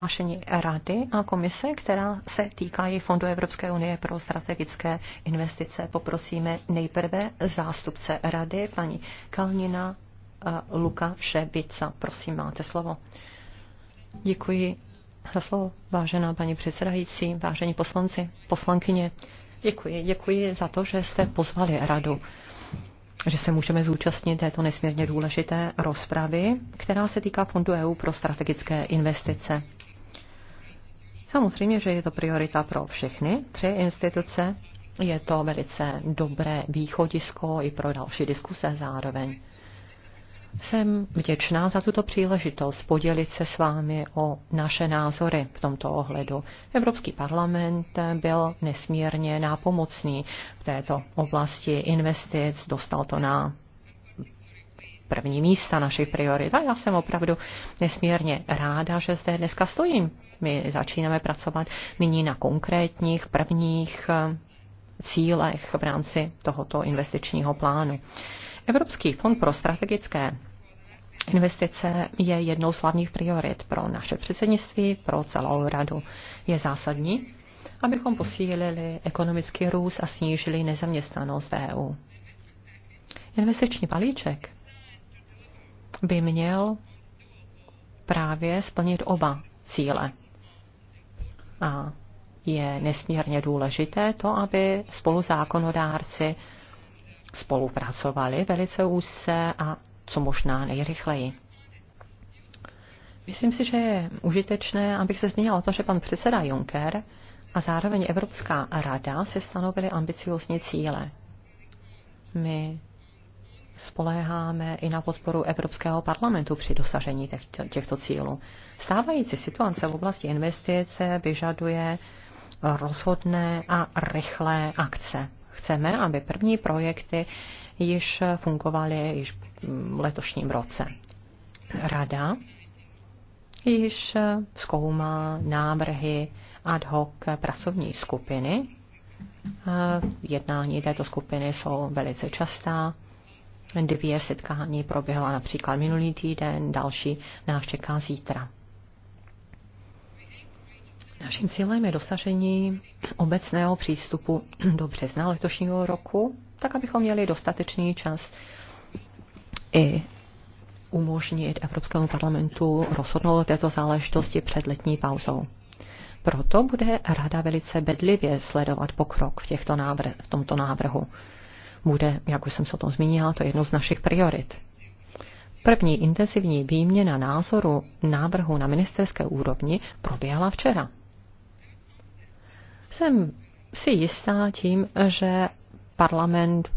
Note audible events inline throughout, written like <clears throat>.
prohlášení Rady a komise, která se týkají Fondu Evropské unie pro strategické investice. Poprosíme nejprve zástupce Rady, paní Kalnina eh, Luka Šebica. Prosím, máte slovo. Děkuji za slovo, vážená paní předsedající, vážení poslanci, poslankyně. Děkuji, děkuji za to, že jste pozvali Radu že se můžeme zúčastnit této nesmírně důležité rozpravy, která se týká Fondu EU pro strategické investice. Samozřejmě, že je to priorita pro všechny tři instituce. Je to velice dobré východisko i pro další diskuse zároveň. Jsem vděčná za tuto příležitost podělit se s vámi o naše názory v tomto ohledu. Evropský parlament byl nesmírně nápomocný v této oblasti investic, dostal to na první místa našich priorit. A já jsem opravdu nesmírně ráda, že zde dneska stojím. My začínáme pracovat nyní na konkrétních prvních eh, cílech v rámci tohoto investičního plánu. Evropský fond pro strategické Investice je jednou z hlavních priorit pro naše předsednictví, pro celou radu. Je zásadní, abychom posílili ekonomický růst a snížili nezaměstnanost v EU. Investiční balíček by měl právě splnit oba cíle. A je nesmírně důležité to, aby spoluzákonodárci spolupracovali velice úzce a co možná nejrychleji. Myslím si, že je užitečné, abych se zmínil o tom, že pan předseda Juncker a zároveň Evropská rada se stanovili ambiciozní cíle. My spoléháme i na podporu Evropského parlamentu při dosažení těchto cílů. Stávající situace v oblasti investice vyžaduje rozhodné a rychlé akce. Chceme, aby první projekty již fungovaly již v letošním roce. Rada již zkoumá návrhy ad hoc pracovní skupiny. Jednání této skupiny jsou velice častá Dvě setkání proběhla například minulý týden, další nás čeká zítra. Naším cílem je dosažení obecného přístupu do března letošního roku, tak abychom měli dostatečný čas i umožnit Evropskému parlamentu rozhodnout o této záležitosti před letní pauzou. Proto bude Rada velice bedlivě sledovat pokrok v, těchto návr- v tomto návrhu bude, jak už jsem se o tom zmínila, to je jedno z našich priorit. První intenzivní výměna názoru návrhu na ministerské úrovni proběhla včera. Jsem si jistá tím, že parlament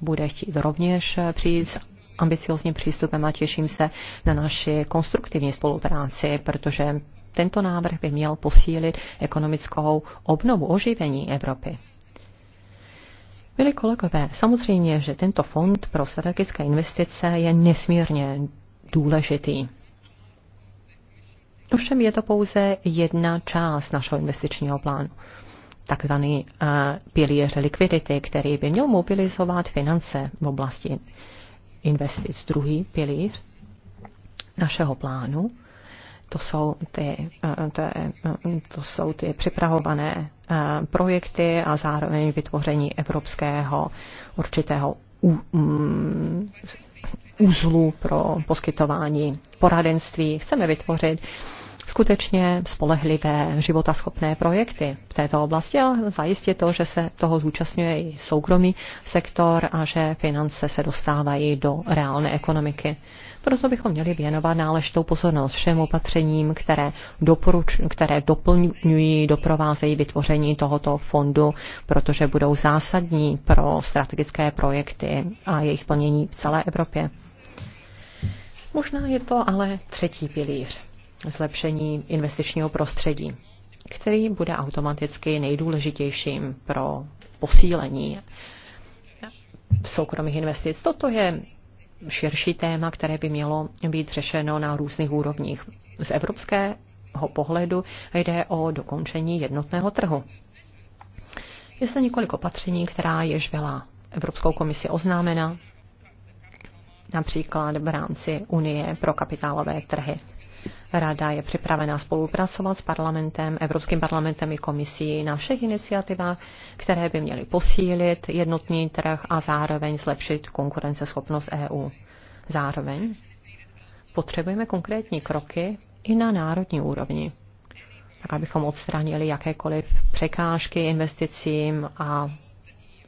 bude chtít rovněž přijít s ambiciozním přístupem a těším se na naši konstruktivní spolupráci, protože tento návrh by měl posílit ekonomickou obnovu oživení Evropy. Milí kolegové, samozřejmě, že tento fond pro strategické investice je nesmírně důležitý. Ovšem je to pouze jedna část našeho investičního plánu takzvaný eh, pilíř likvidity, který by měl mobilizovat finance v oblasti investic. Druhý pilíř našeho plánu to jsou ty, eh, ty, eh, to jsou ty připravované eh, projekty a zároveň vytvoření evropského určitého úzlu mm, pro poskytování poradenství. Chceme vytvořit skutečně spolehlivé, životaschopné projekty v této oblasti a zajistit to, že se toho zúčastňuje i soukromý sektor a že finance se dostávají do reálné ekonomiky. Proto bychom měli věnovat náležitou pozornost všem opatřením, které, doporuč, které doplňují, doprovázejí vytvoření tohoto fondu, protože budou zásadní pro strategické projekty a jejich plnění v celé Evropě. Možná je to ale třetí pilíř zlepšení investičního prostředí, který bude automaticky nejdůležitějším pro posílení soukromých investic. Toto je širší téma, které by mělo být řešeno na různých úrovních. Z evropského pohledu jde o dokončení jednotného trhu. Je zde několik opatření, která jež byla Evropskou komisi oznámena, například v rámci Unie pro kapitálové trhy. Rada je připravena spolupracovat s parlamentem, Evropským parlamentem i komisí na všech iniciativách, které by měly posílit jednotný trh a zároveň zlepšit konkurenceschopnost EU. Zároveň potřebujeme konkrétní kroky i na národní úrovni, tak abychom odstranili jakékoliv překážky investicím a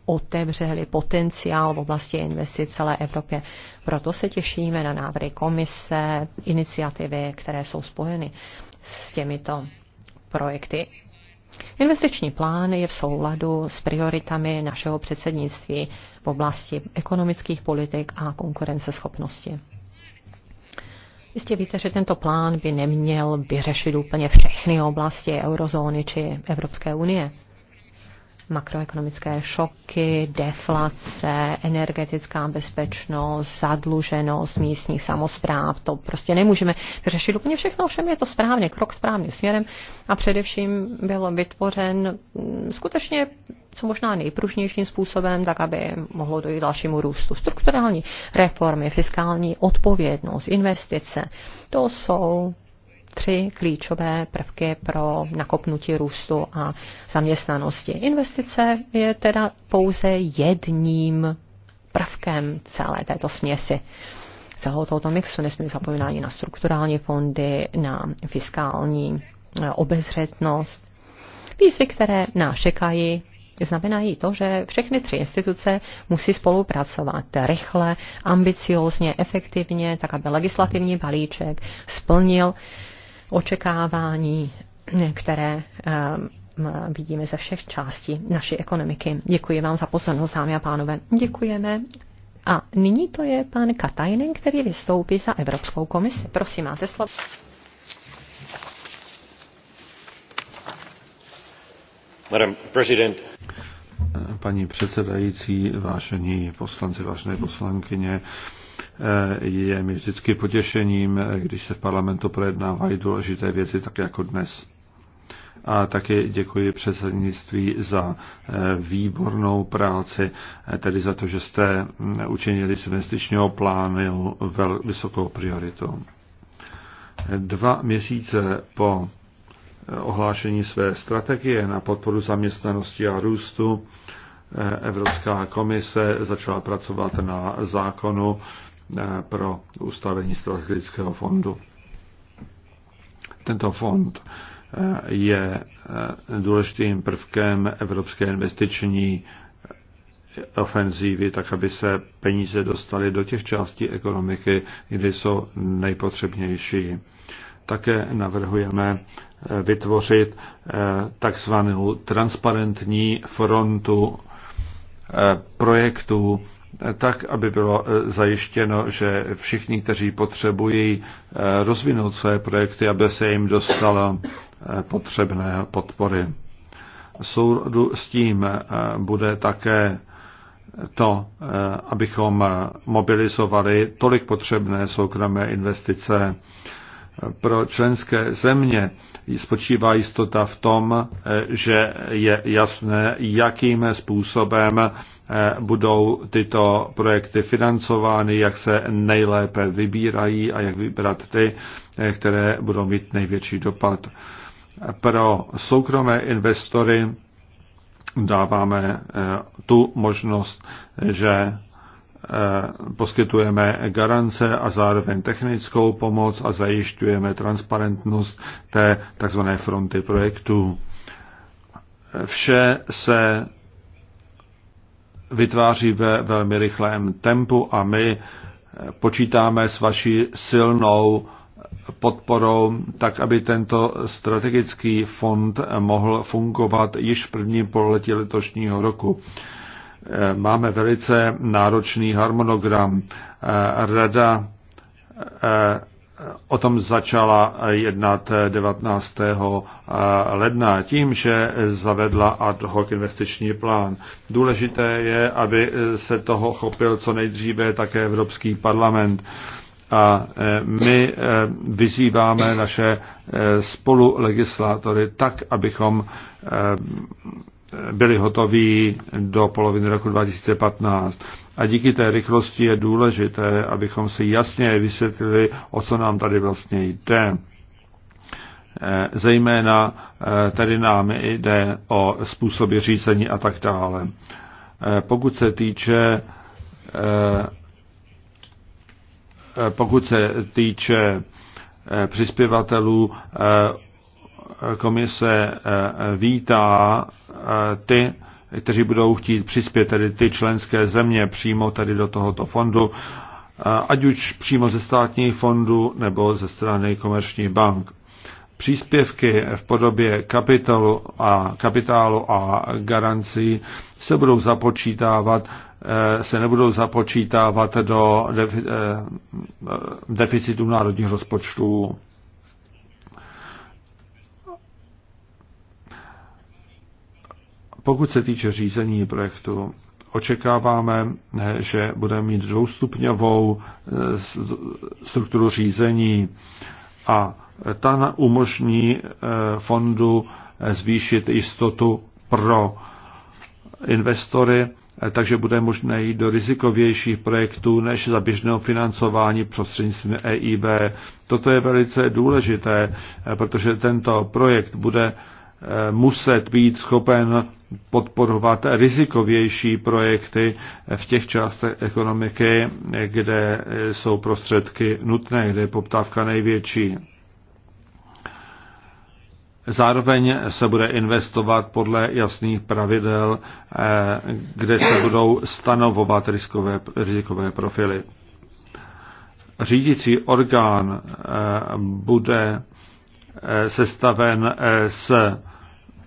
otevřeli potenciál v oblasti investic celé Evropě. Proto se těšíme na návrhy komise, iniciativy, které jsou spojeny s těmito projekty. Investiční plán je v souladu s prioritami našeho předsednictví v oblasti ekonomických politik a konkurenceschopnosti. Jistě víte, že tento plán by neměl vyřešit úplně všechny oblasti eurozóny či Evropské unie makroekonomické šoky, deflace, energetická bezpečnost, zadluženost místních samozpráv. To prostě nemůžeme řešit úplně všechno, všem je to správně, krok správným směrem a především byl vytvořen mm, skutečně co možná nejpružnějším způsobem, tak aby mohlo dojít dalšímu růstu. Strukturální reformy, fiskální odpovědnost, investice, to jsou tři klíčové prvky pro nakopnutí růstu a zaměstnanosti. Investice je teda pouze jedním prvkem celé této směsi celého tohoto mixu. nesmí zapomínat ani na strukturální fondy, na fiskální eh, obezřetnost. Výzvy, které nás čekají, znamenají to, že všechny tři instituce musí spolupracovat rychle, ambiciozně, efektivně, tak aby legislativní balíček splnil očekávání, které eh, vidíme ze všech částí naší ekonomiky. Děkuji vám za pozornost, dámy a pánové. Děkujeme. A nyní to je pan Katajnen, který vystoupí za Evropskou komisi. Prosím, máte slovo. Paní předsedající, vážení poslanci, vážené poslankyně, je mi vždycky potěšením, když se v parlamentu projednávají důležité věci, tak jako dnes. A taky děkuji předsednictví za eh, výbornou práci, eh, tedy za to, že jste mm, učinili z investičního plánu vysokou prioritu. Dva měsíce po eh, ohlášení své strategie na podporu zaměstnanosti a růstu Evropská komise začala pracovat na zákonu Eh, pro ustavení strategického fondu. Tento fond eh, je eh, důležitým prvkem Evropské investiční ofenzívy, tak aby se peníze dostaly do těch částí ekonomiky, kde jsou nejpotřebnější. Také navrhujeme vytvořit takzvanou transparentní frontu projektů, tak, aby bylo e, zajištěno, že všichni, kteří potřebují e, rozvinout své projekty, aby se jim dostalo e, potřebné podpory. Soudu s tím bude také to, abychom mobilizovali tolik potřebné soukromé investice pro členské země, spočívá jistota v tom, eh, že je jasné, jakým způsobem eh, budou tyto projekty financovány, jak se nejlépe vybírají a jak vybrat ty, eh, které budou mít největší dopad. Pro soukromé investory dáváme tu možnost, že Eh, poskytujeme garance a zároveň technickou pomoc a zajišťujeme transparentnost té tzv. fronty projektů. Eh, vše se vytváří ve velmi rychlém tempu a my eh, počítáme s vaší silnou podporou, tak aby tento strategický fond mohl fungovat již v prvním pololetí letošního roku máme velice náročný harmonogram. Eh, Rada eh, o tom začala jednat 19. Eh, ledna tím, že zavedla ad hoc investiční plán. Důležité je, aby se toho chopil co nejdříve také Evropský parlament. A my vyzýváme naše spolulegislátory tak, abychom byly hotoví do poloviny roku 2015. A díky té rychlosti je důležité, abychom si jasně vysvětlili, o co nám tady vlastně jde. Eh, zejména eh, tady nám jde o způsoby řízení a tak dále. Eh, pokud se týče pokud se týče přispěvatelů, komise eh, vítá eh, ty, kteří budou chtít přispět, tedy ty členské země přímo tady do tohoto fondu, eh, ať už přímo ze státních fondů nebo ze strany komerčních bank. Příspěvky v podobě kapitalu a, kapitálu a garancí se budou započítávat, se nebudou započítávat do deficitu národních rozpočtů. Pokud se týče řízení projektu, očekáváme, eh, že budeme mít dvoustupňovou eh, strukturu řízení a ta umožní eh, fondu zvýšit jistotu pro investory, takže bude možné jít do rizikovějších projektů než za běžného financování prostřednictvím EIB. Toto je velice důležité, protože tento projekt bude muset být schopen podporovat rizikovější projekty v těch částech ekonomiky, kde jsou prostředky nutné, kde je poptávka největší. Zároveň se bude investovat podle jasných pravidel, kde se budou stanovovat riskové, rizikové profily. Řídící orgán eh, bude eh, sestaven eh, s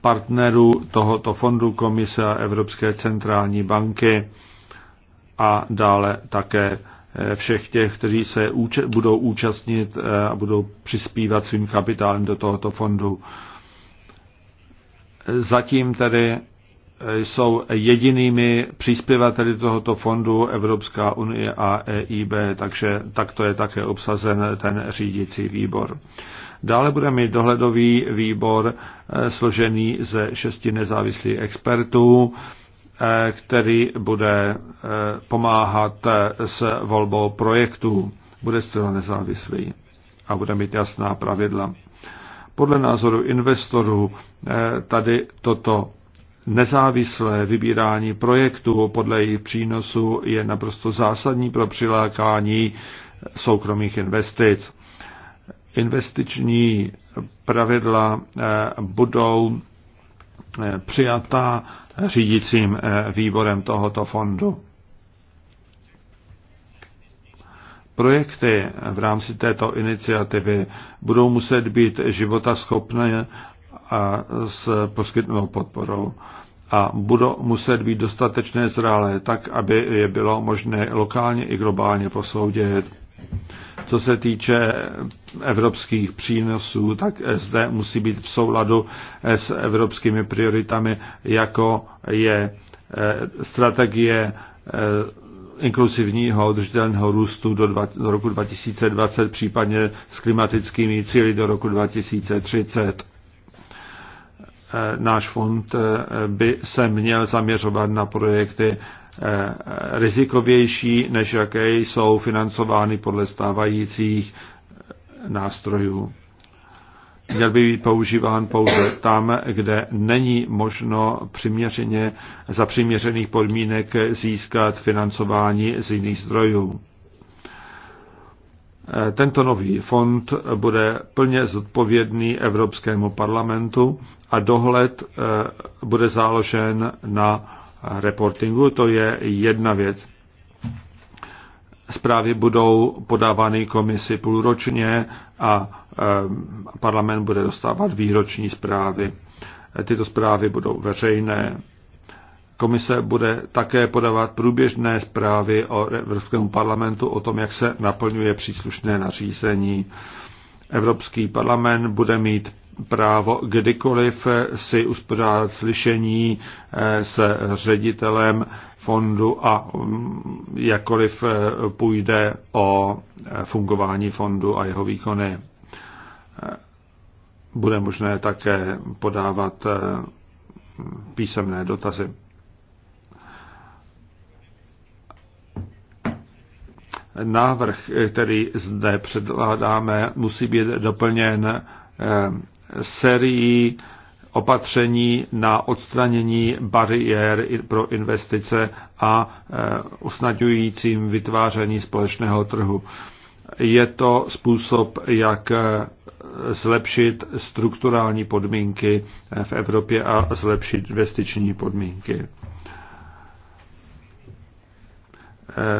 partnerů tohoto fondu Komise a Evropské centrální banky a dále také eh, všech těch, kteří se budou účastnit eh, a budou přispívat svým kapitálem do tohoto fondu. Zatím tedy eh, jsou jedinými příspěvateli tohoto fondu Evropská unie a EIB, takže takto je také obsazen ten řídící výbor. Dále bude mít dohledový výbor eh, složený ze šesti nezávislých expertů, eh, který bude eh, pomáhat s volbou projektů. Bude zcela nezávislý a bude mít jasná pravidla. Podle názoru investorů tady toto nezávislé vybírání projektů podle jejich přínosu je naprosto zásadní pro přilákání soukromých investic investiční pravidla eh, budou eh, přijata řídícím eh, výborem tohoto fondu. Projekty v rámci této iniciativy budou muset být životaschopné a s poskytnou podporou a budou muset být dostatečné zralé tak, aby je bylo možné lokálně i globálně posoudit. Co se týče evropských přínosů, tak zde musí být v souladu s evropskými prioritami, jako je eh, strategie eh, inkluzivního udržitelného růstu do, dva, do roku 2020, případně s klimatickými cíly do roku 2030. Eh, náš fond by se měl zaměřovat na projekty Eh, rizikovější, než jaké jsou financovány podle stávajících eh, nástrojů. Měl by být používán pouze tam, kde není možno přiměřeně za přiměřených podmínek získat financování z jiných zdrojů. Eh, tento nový fond bude plně zodpovědný Evropskému parlamentu a dohled bude záložen na reportingu, to je jedna věc. Zprávy budou podávány komisi půlročně a eh, parlament bude dostávat výroční zprávy. Tyto zprávy budou veřejné. Komise bude také podávat průběžné zprávy o Evropskému parlamentu o tom, jak se naplňuje příslušné nařízení. Evropský parlament bude mít právo kdykoliv si uspořádat slyšení eh, se ředitelem fondu a mm, jakkoliv eh, půjde o eh, fungování fondu a jeho výkony. Bude možné také podávat písemné dotazy. Návrh, který zde předládáme, musí být doplněn serií opatření na odstranění bariér pro investice a e, usnadňujícím vytváření společného trhu. Je to způsob, jak e, zlepšit strukturální podmínky e, v Evropě a zlepšit investiční podmínky.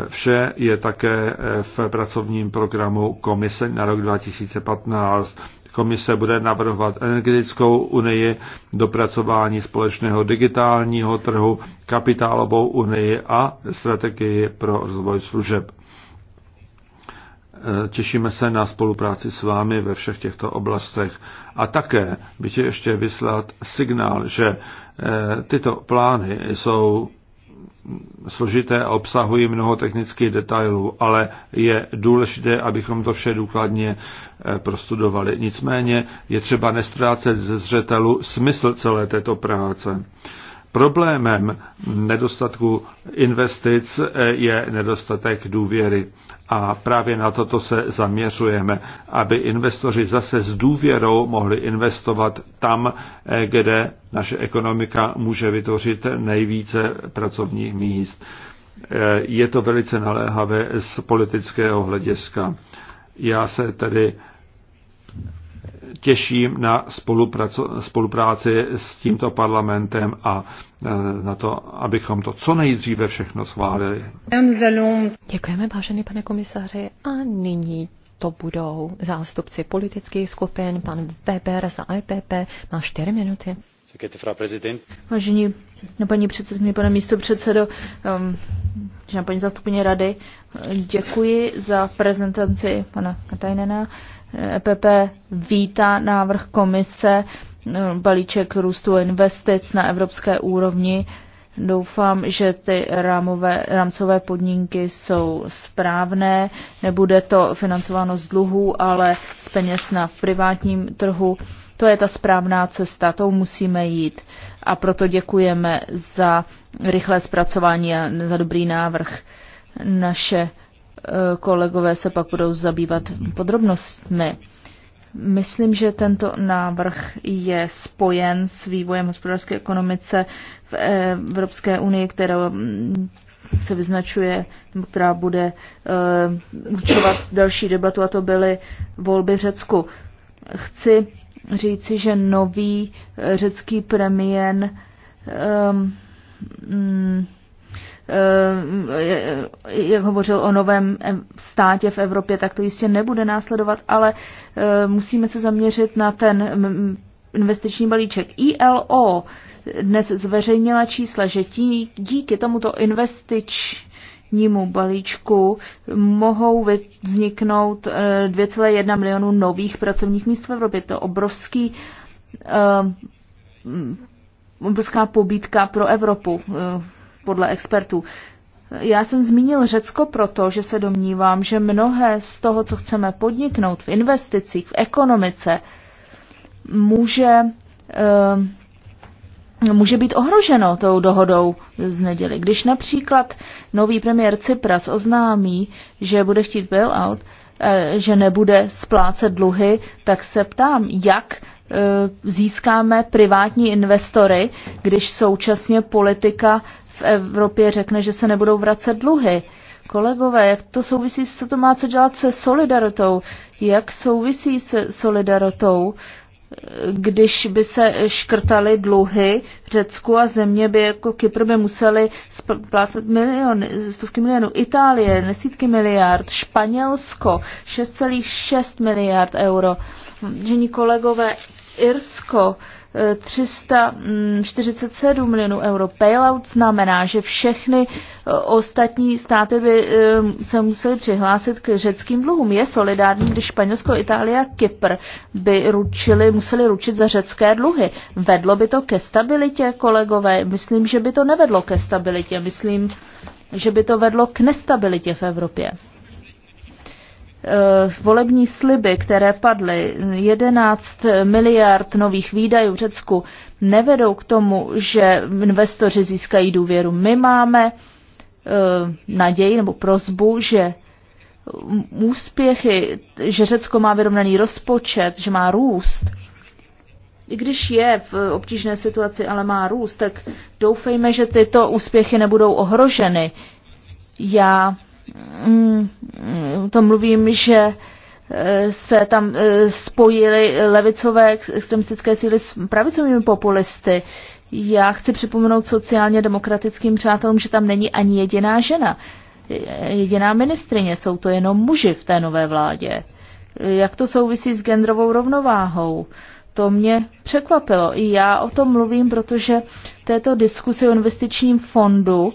Vše je také v pracovním programu Komise na rok 2015. Komise bude navrhovat energetickou unii, dopracování společného digitálního trhu, kapitálovou unii a strategii pro rozvoj služeb. E, těšíme se na spolupráci s vámi ve všech těchto oblastech. A také bych ještě vyslat signál, že e, tyto plány jsou složité a obsahují mnoho technických detailů, ale je důležité, abychom to vše důkladně eh, prostudovali. Nicméně je třeba nestrácet ze zřetelu smysl celé této práce. Problémem nedostatku investic je nedostatek důvěry. A právě na toto se zaměřujeme, aby investoři zase s důvěrou mohli investovat tam, kde naše ekonomika může vytvořit nejvíce pracovních míst. Je to velice naléhavé z politického hlediska. Já se tedy těším na spolupráci s tímto parlamentem a e, na to, abychom to co nejdříve všechno schválili. Děkujeme, vážený pane komisaři. A nyní to budou zástupci politických skupin. Pan Weber za IPP e má 4 minuty. Vážení na no, paní předsedkyně, pane místo předsedo, um, paní zástupkyně rady, děkuji za prezentaci pana Katajnena. EPP vítá návrh komise e, balíček růstu investic na evropské úrovni. Doufám, že ty rámové, rámcové podmínky jsou správné. Nebude to financováno z dluhů, ale z peněz na privátním trhu. To je ta správná cesta, tou musíme jít. A proto děkujeme za rychlé zpracování a za dobrý návrh. Naše Eh, kolegové se pak budou zabývat podrobnostmi. Myslím, že tento návrh je spojen s vývojem hospodářské ekonomice v eh, Evropské unii, která mm, se vyznačuje, která bude eh, určovat další debatu, a to byly volby v Řecku. Chci říci, že nový řecký premiér um, Eh, jak hovořil o novém státě v Evropě, tak to jistě nebude následovat, ale eh, musíme se zaměřit na ten mm, mm, investiční balíček. ILO dnes zveřejnila čísla, že díky tomuto investičnímu balíčku mohou vzniknout 2,1 eh, milionu nových pracovních míst v Evropě. To je obrovský mm, obrovská pobítka pro Evropu podle expertů. Já jsem zmínil Řecko proto, že se domnívám, že mnohé z toho, co chceme podniknout v investicích, v ekonomice, může, eh, může být ohroženo tou dohodou z neděli. Když například nový premiér Cypras oznámí, že bude chtít bailout, eh, že nebude splácet dluhy, tak se ptám, jak eh, získáme privátní investory, když současně politika v Evropě řekne, že se nebudou vracet dluhy. Kolegové, jak to souvisí, co to má co dělat se solidaritou? Jak souvisí se solidaritou, když by se škrtaly dluhy v Řecku a země by jako Kypr by museli splácet miliony, stovky milionů. Itálie, nesítky miliard, Španělsko, 6,6 miliard euro. Žení kolegové, Irsko, 347 milionů euro. Bailout znamená, že všechny eh, ostatní státy by eh, se museli přihlásit k řeckým dluhům. Je solidární, když Španělsko, Itálie a Kypr by ručili, museli ručit za řecké dluhy. Vedlo by to ke stabilitě, kolegové? Myslím, že by to nevedlo ke stabilitě. Myslím, že by to vedlo k nestabilitě v Evropě. Eh, volební sliby, které padly, 11 miliard nových výdajů v Řecku, nevedou k tomu, že investoři získají důvěru. My máme eh, naději nebo prozbu, že úspěchy, že Řecko má vyrovnaný rozpočet, že má růst, i když je v obtížné situaci, ale má růst, tak doufejme, že tyto úspěchy nebudou ohroženy. Já Mm, to mluvím, že eh, se tam eh, spojily levicové extremistické síly s pravicovými populisty. Já chci připomenout sociálně demokratickým přátelům, že tam není ani jediná žena, jediná ministrině, jsou to jenom muži v té nové vládě. Jak to souvisí s genderovou rovnováhou? To mě překvapilo. I já o tom mluvím, protože této diskusi o investičním fondu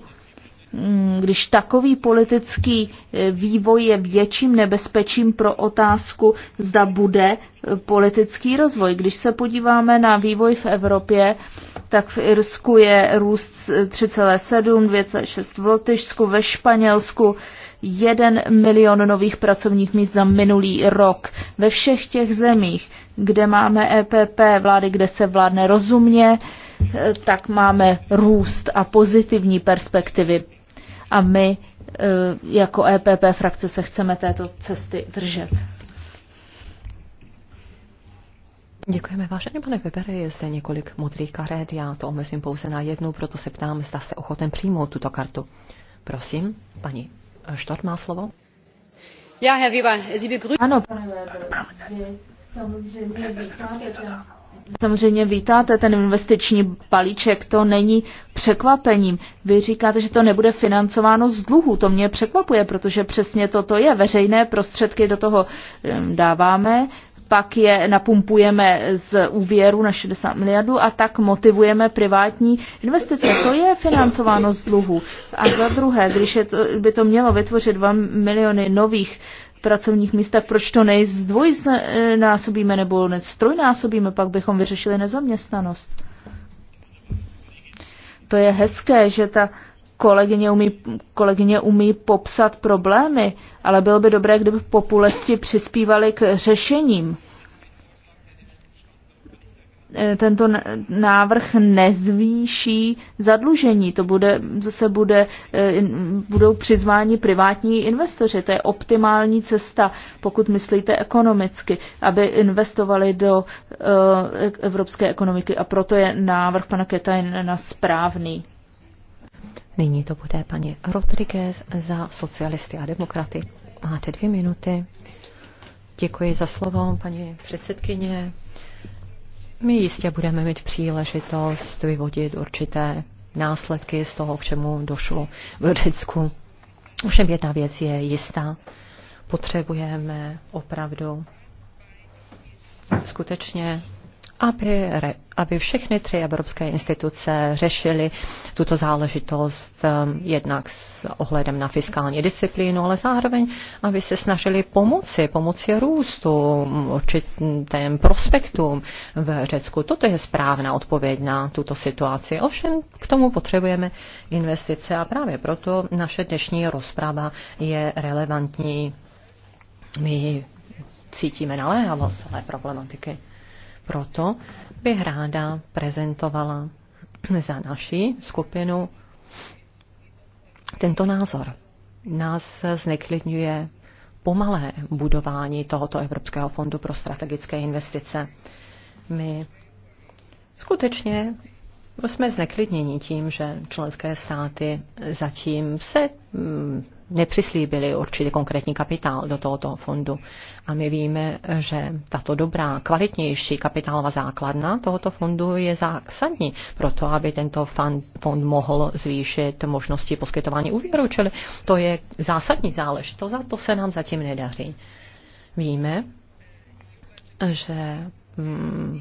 Mm, když takový politický eh, vývoj je větším nebezpečím pro otázku, zda bude eh, politický rozvoj. Když se podíváme na vývoj v Evropě, tak v Irsku je růst 3,7, eh, 2,6 v Lotyšsku, ve Španělsku 1 milion nových pracovních míst za minulý rok. Ve všech těch zemích, kde máme EPP, vlády, kde se vládne rozumně, tak máme růst a pozitivní perspektivy a my eh, jako EPP frakce se chceme této cesty držet. Děkujeme, vážený pane Webere, je zde několik modrých karet, já to omezím pouze na jednu, proto se ptám, zda jste ochoten přijmout tuto kartu. Prosím, paní Štort má slovo. Já, Herr Weber, Sie begrüßen... Ano, pane Weber, vy samozřejmě vítáte ten samozřejmě vítáte ten investiční balíček, to není překvapením. Vy říkáte, že to nebude financováno z dluhu, to mě překvapuje, protože přesně toto je. Veřejné prostředky do toho dáváme, pak je napumpujeme z úvěru na 60 miliardů a tak motivujeme privátní investice. To je financováno z dluhu. A za druhé, když je to, by to mělo vytvořit 2 miliony nových uh, pracovních míst, tak proč to nejzdvojnásobíme nebo strojnásobíme, pak bychom vyřešili nezaměstnanost. To je hezké, že ta kolegyně umí, kolegyně umí popsat problémy, ale bylo by dobré, kdyby populisti přispívali k řešením. E, tento návrh nezvýší zadlužení. To bude, zase bude, e, budou přizváni privátní investoři. To je optimální cesta, pokud myslíte ekonomicky, aby investovali do e, evropské ekonomiky. A proto je návrh pana Ketajna správný. Nyní to bude paní Rodriguez za socialisty a demokraty. Máte dvě minuty. Děkuji za slovo, paní předsedkyně. My jistě budeme mít příležitost vyvodit určité následky z toho, k čemu došlo v Řecku. Ovšem jedna věc je jistá. Potřebujeme opravdu skutečně aby, aby všechny tři evropské instituce řešily tuto záležitost um, jednak s ohledem na fiskální disciplínu, ale zároveň, aby se snažili pomoci, pomoci růstu, určitým prospektům v Řecku. Toto je správná odpověď na tuto situaci. Ovšem k tomu potřebujeme investice a právě proto naše dnešní rozprava je relevantní. My cítíme naléhavost celé problematiky. Proto bych ráda prezentovala za naši skupinu tento názor. Nás zneklidňuje pomalé budování tohoto Evropského fondu pro strategické investice. My skutečně jsme zneklidněni tím, že členské státy zatím se mm, nepřislíbili určitě konkrétní kapitál do tohoto fondu. A my víme, že tato dobrá, kvalitnější kapitálová základna tohoto fondu je zásadní pro to, aby tento fond mohl zvýšit možnosti poskytování úvěru. Čili to je zásadní záležitost a to se nám zatím nedaří. Víme, že Mm,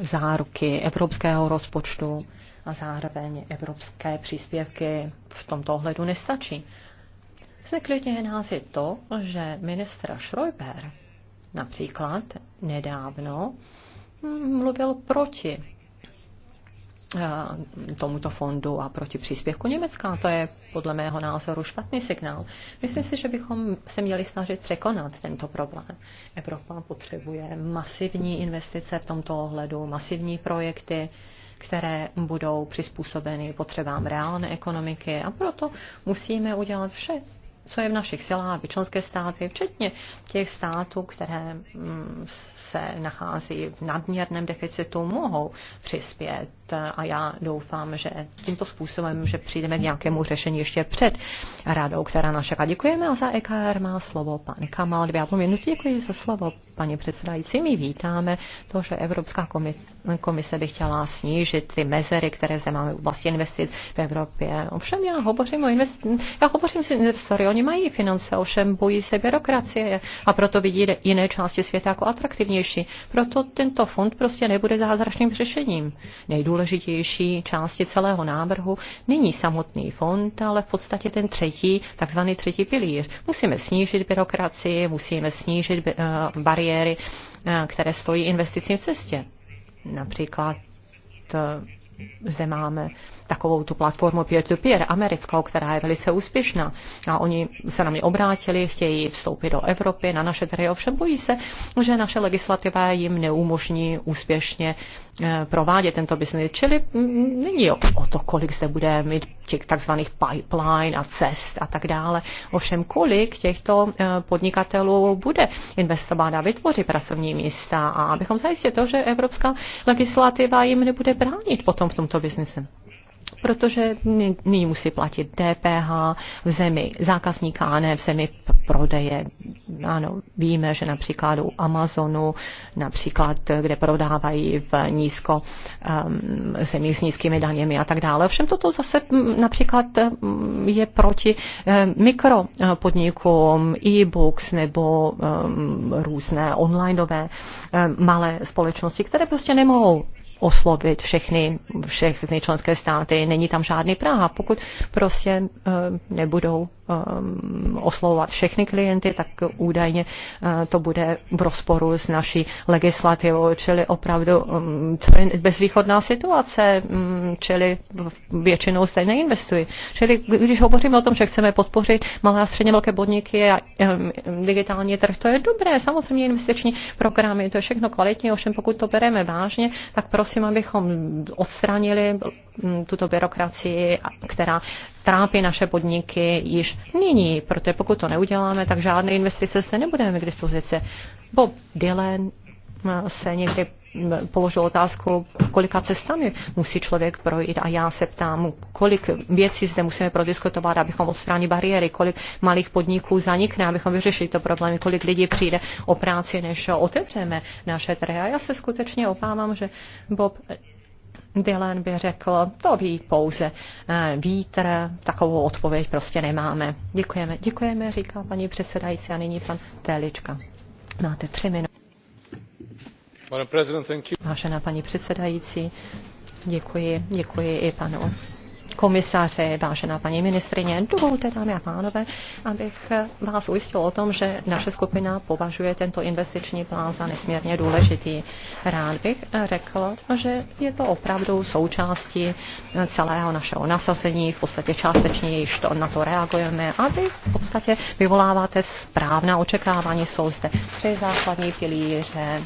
záruky evropského rozpočtu a zároveň evropské příspěvky v tomto ohledu nestačí. Zneklidňuje nás je to, že ministr Schreiber například nedávno mm, mluvil proti Eh, tomuto fondu a proti příspěvku Německa. To je podle mého názoru špatný signál. Myslím si, že bychom se měli snažit překonat tento problém. Evropa potřebuje masivní investice v tomto ohledu, masivní projekty, které budou přizpůsobeny potřebám reálné ekonomiky a proto musíme udělat vše, co je v našich silách, aby členské státy, včetně těch států, které mm, se nachází v nadměrném deficitu, mohou přispět. A já doufám, že tímto způsobem, že přijdeme k nějakému řešení ještě před radou, která nás A Děkujeme a za EKR má slovo pan Kamal. Dvě a půl minuty děkuji za slovo, paní předsedající. My vítáme to, že Evropská komise by chtěla snížit ty mezery, které zde máme v oblasti investic v Evropě. Ovšem já hovořím o investi- já hovořím s investory, Oni mají finance, ovšem bojí se byrokracie a proto vidí jiné části světa jako atraktivnější. Proto tento fond prostě nebude zázračným řešením. Nejdůležitější části celého návrhu není samotný fond, ale v podstatě ten třetí, takzvaný třetí pilíř. Musíme snížit byrokracii, musíme snížit eh, bariéry, eh, které stojí investicím v cestě. Například eh, zde máme takovou tu platformu peer-to-peer -peer, americkou, která je velice úspěšná. A oni se na mě obrátili, chtějí vstoupit do Evropy, na naše trhy, ovšem bojí se, že naše legislativa jim neumožní úspěšně Eh, provádět tento biznis. Čili mm, není o to, kolik zde bude mít těch takzvaných pipeline a cest a tak dále. Ovšem, kolik těchto eh, podnikatelů bude investována, vytvoří pracovní místa a abychom zajistili to, že evropská legislativa jim nebude bránit potom v tomto biznise protože nyní musí platit DPH v zemi zákazníka a ne v zemi prodeje. Ano, víme, že například u Amazonu, například kde prodávají v nízko um, ehm, zemí s nízkými daněmi a tak dále. Ovšem toto zase například je proti um, mikropodnikům, e-books nebo um, různé onlineové um, malé společnosti, které prostě nemohou oslovit všechny, všechny členské státy. Není tam žádný práh, pokud prostě eh, nebudou Um, oslovovat všechny klienty, tak údajně uh, to bude v rozporu s naší legislativou, čili opravdu um, to je bezvýchodná situace, um, čili většinou zde neinvestují. Čili když hovoříme o tom, že chceme podpořit malé a středně velké podniky a digitální trh, to je dobré, samozřejmě investiční programy, to je všechno kvalitní, ovšem pokud to bereme vážně, tak prosím, abychom odstranili tuto byrokracii, která trápí naše podniky již nyní, protože pokud to neuděláme, tak žádné investice se nebudeme k dispozici. Bob Dylan eh, se někdy eh, položil otázku, kolika cestami musí člověk projít a já se ptám, kolik věcí zde musíme prodiskutovat, abychom odstránili bariéry, kolik malých podniků zanikne, abychom vyřešili to problémy, kolik lidí přijde o práci, než otevřeme naše trhy. A já se skutečně obávám, že Bob Dylan by řekl, to ví pouze eh, vítr, takovou odpověď prostě nemáme. Děkujeme, děkujeme, říká paní předsedající a nyní pan Télička. Máte tři minuty. Vážená paní předsedající, děkuji, děkuji i panu komisaři, vážená paní ministrině, dovolte, dámy a pánové, abych vás ujistil o tom, že naše skupina považuje tento investiční plán za nesmírně důležitý. Rád bych řekl, že je to opravdu součástí celého našeho nasazení, v podstatě částečně již to, na to reagujeme a vy v podstatě vyvoláváte správná očekávání. Jsou zde tři základní pilíře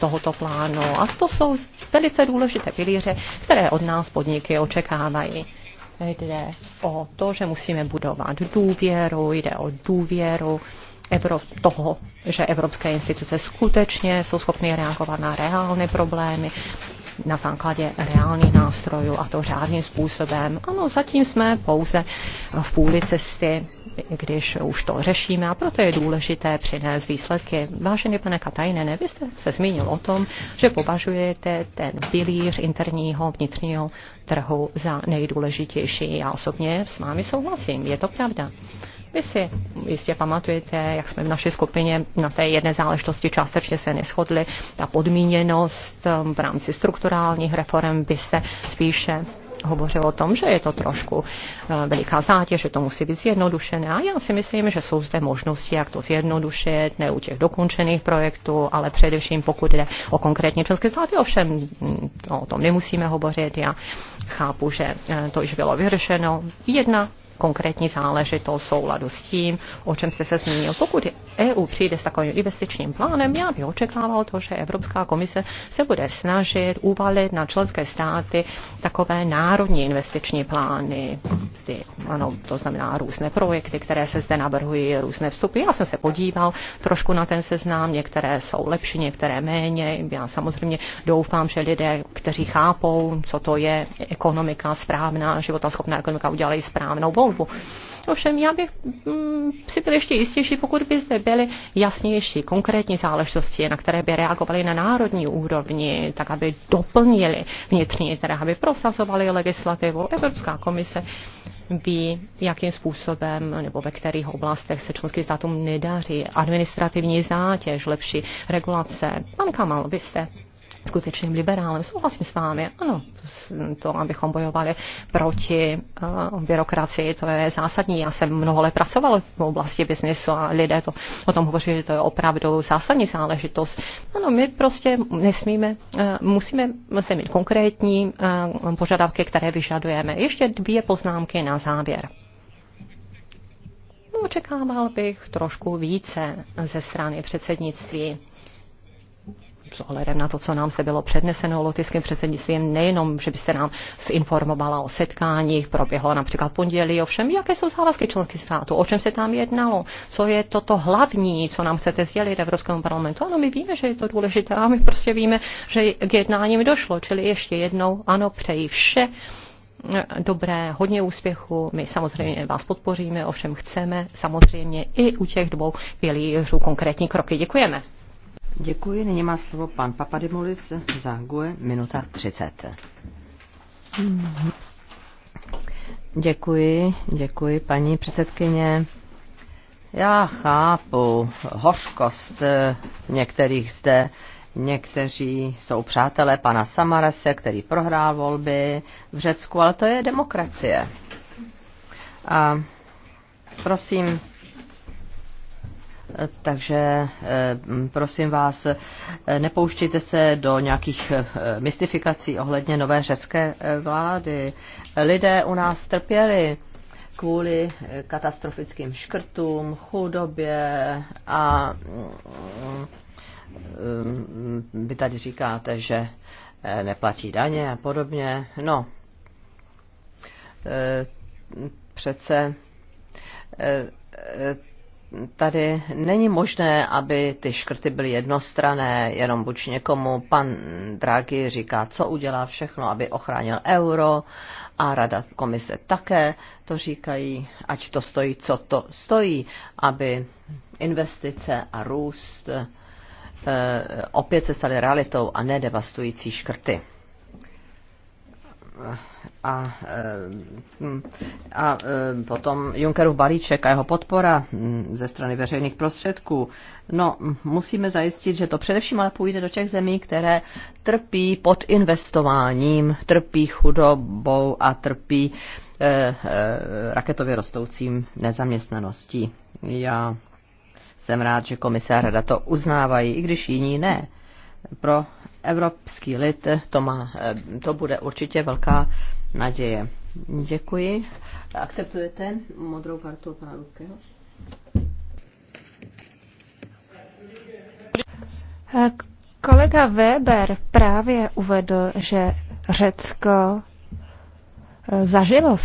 tohoto plánu a to jsou velice důležité pilíře, které od nás podniky očekávají. Jde o to, že musíme budovat důvěru, jde o důvěru Evro, toho, že evropské instituce skutečně jsou schopny reagovat na reálné problémy, na základě reálných nástrojů a to řádným způsobem. Ano, zatím jsme pouze v půli cesty když už to řešíme a proto je důležité přinést výsledky. Vážený pane Katajne, vy jste se zmínil o tom, že považujete ten pilíř interního vnitřního trhu za nejdůležitější. Já osobně s vámi souhlasím, je to pravda. Vy si jistě pamatujete, jak jsme v naší skupině na té jedné záležitosti částečně se neschodli. Ta podmíněnost um, v rámci strukturálních reform byste spíše hovořil o tom, že je to trošku eh, veliká zátěž, že to musí být zjednodušené. A já si myslím, že jsou zde možnosti, jak to zjednodušit, ne u těch dokončených projektů, ale především pokud jde o konkrétně členské státy. Ovšem mm, o tom nemusíme hovořit. Já chápu, že eh, to již bylo vyřešeno. Jedna konkrétní záležitost souladu s tím, o čem jste se zmínil. Pokud EU přijde s takovým investičním plánem, já bych očekával to, že Evropská komise se bude snažit uvalit na členské státy takové národní investiční plány, ty, ano, to znamená různé projekty, které se zde navrhují, různé vstupy. Já jsem se podíval trošku na ten seznám, některé jsou lepší, některé méně. Já samozřejmě doufám, že lidé, kteří chápou, co to je ekonomika správná, životaschopná ekonomika, udělají správnou volbu smlouvu. Ovšem, já bych mm, si byl ještě jistější, pokud by zde byly jasnější, konkrétní záležitosti, na které by reagovali na národní úrovni, tak aby doplnili vnitřní, teda aby prosazovali legislativu. Evropská komise ví, jakým způsobem nebo ve kterých oblastech se členským státům nedaří administrativní zátěž, lepší regulace. Pan Kamal, vy jste skutečným liberálem. Souhlasím s vámi, ano, to, abychom bojovali proti uh, byrokracii, to je zásadní. Já jsem mnoho let pracoval v oblasti biznesu a lidé to o tom hovoří, že to je opravdu zásadní záležitost. Ano, my prostě nesmíme, uh, musíme se mít konkrétní uh, požadavky, které vyžadujeme. Ještě dvě poznámky na závěr. Očekával bych trošku více ze strany předsednictví s ohledem na to, co nám se bylo předneseno lotyským předsednictvím, nejenom, že byste nám zinformovala o setkáních, proběhlo například pondělí, ovšem, jaké jsou závazky členských států, o čem se tam jednalo, co je toto hlavní, co nám chcete sdělit Evropskému parlamentu. Ano, my víme, že je to důležité a my prostě víme, že k jednáním došlo, čili ještě jednou, ano, přeji vše eh, dobré, hodně úspěchu. My samozřejmě vás podpoříme, ovšem chceme samozřejmě i u těch dvou pilířů konkrétní kroky. Děkujeme. Děkuji. Nyní má slovo pan Papadimolis za GUE minuta 30. Děkuji, děkuji paní předsedkyně. Já chápu hořkost eh, některých zde. Někteří jsou přátelé pana Samarase, který prohrál volby v Řecku, ale to je demokracie. A prosím, takže eh, prosím vás, eh, nepouštějte se do nějakých eh, mystifikací ohledně nové řecké vlády. Lidé u nás trpěli kvůli katastrofickým škrtům, chudobě a mm, mm, vy tady říkáte, že neplatí daně a podobně. No, přece tady není možné, aby ty škrty byly jednostrané, jenom buď někomu. Pan Draghi říká, co udělá všechno, aby ochránil euro a rada komise také to říkají, ať to stojí, co to stojí, aby investice a růst eh, opět se staly realitou a ne devastující škrty a, eh, a eh, potom Junckerův balíček a jeho podpora hm, ze strany veřejných prostředků. No, musíme zajistit, že to především ale půjde do těch zemí, které trpí pod investováním, trpí chudobou a trpí e, e, raketově rostoucím nezaměstnaností. Já jsem rád, že komise a rada to uznávají, i když jiní ne pro evropský lid to, má, to bude určitě velká naděje. Děkuji. Akceptujete modrou kartu pana Lubkého? Kolega Weber právě uvedl, že Řecko eh, zažilo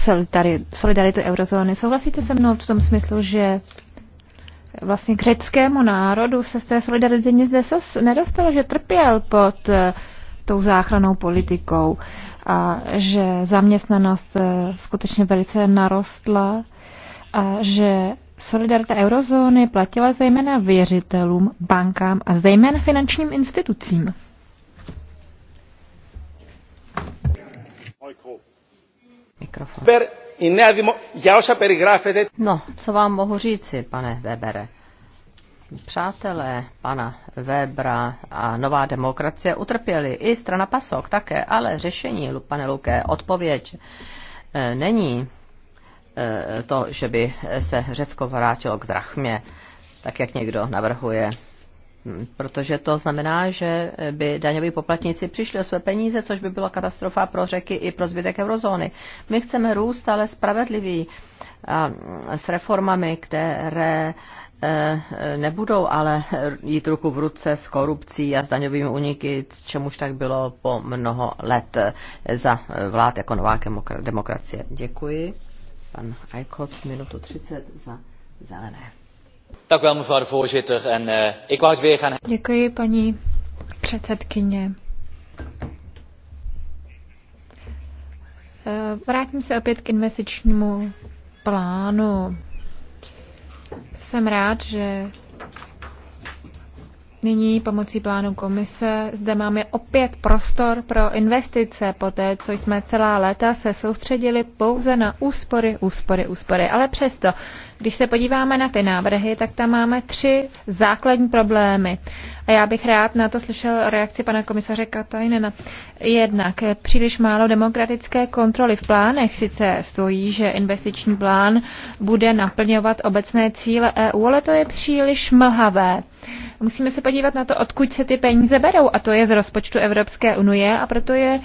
solidaritu eurozóny. Souhlasíte se mnou v tom smyslu, že vlastně řeckému národu se z té solidarity nic nedostalo, že trpěl pod eh, tou záchranou politikou a že zaměstnanost eh, skutečně velice narostla a že solidarita eurozóny platila zejména věřitelům, bankám a zejména finančním institucím. Mikrofon. No, co vám mohu říci, pane Webere? Přátelé pana Webra a Nová demokracie utrpěli i strana PASOK také, ale řešení, pane Luke, odpověď eh, není eh, to, že by se Řecko vrátilo k drachmě, tak jak někdo navrhuje protože to znamená, že by daňoví poplatníci přišli o své peníze, což by byla katastrofa pro řeky i pro zbytek eurozóny. My chceme růst, ale spravedlivý a s reformami, které e, nebudou ale jít ruku v ruce s korupcí a s daňovými uniky, čemuž tak bylo po mnoho let za vlád jako nová demokracie. Děkuji. Pan Eichholz, minutu 30 za zelené. Eh, Děkuji, paní předsedkyně. Eh, vrátím se opět k investičnímu plánu. Jsem rád, že Nyní pomocí plánu komise zde máme opět prostor pro investice po té, co jsme celá léta se soustředili pouze na úspory, úspory, úspory. Ale přesto, když se podíváme na ty návrhy, tak tam máme tři základní problémy. A já bych rád na to slyšel reakci pana komisaře Katajnena. Jednak příliš málo demokratické kontroly v plánech sice stojí, že investiční plán bude naplňovat obecné cíle EU, ale to je příliš mlhavé. Musíme se podívat na to, odkud se ty peníze berou, a to je z rozpočtu Evropské unie, a proto je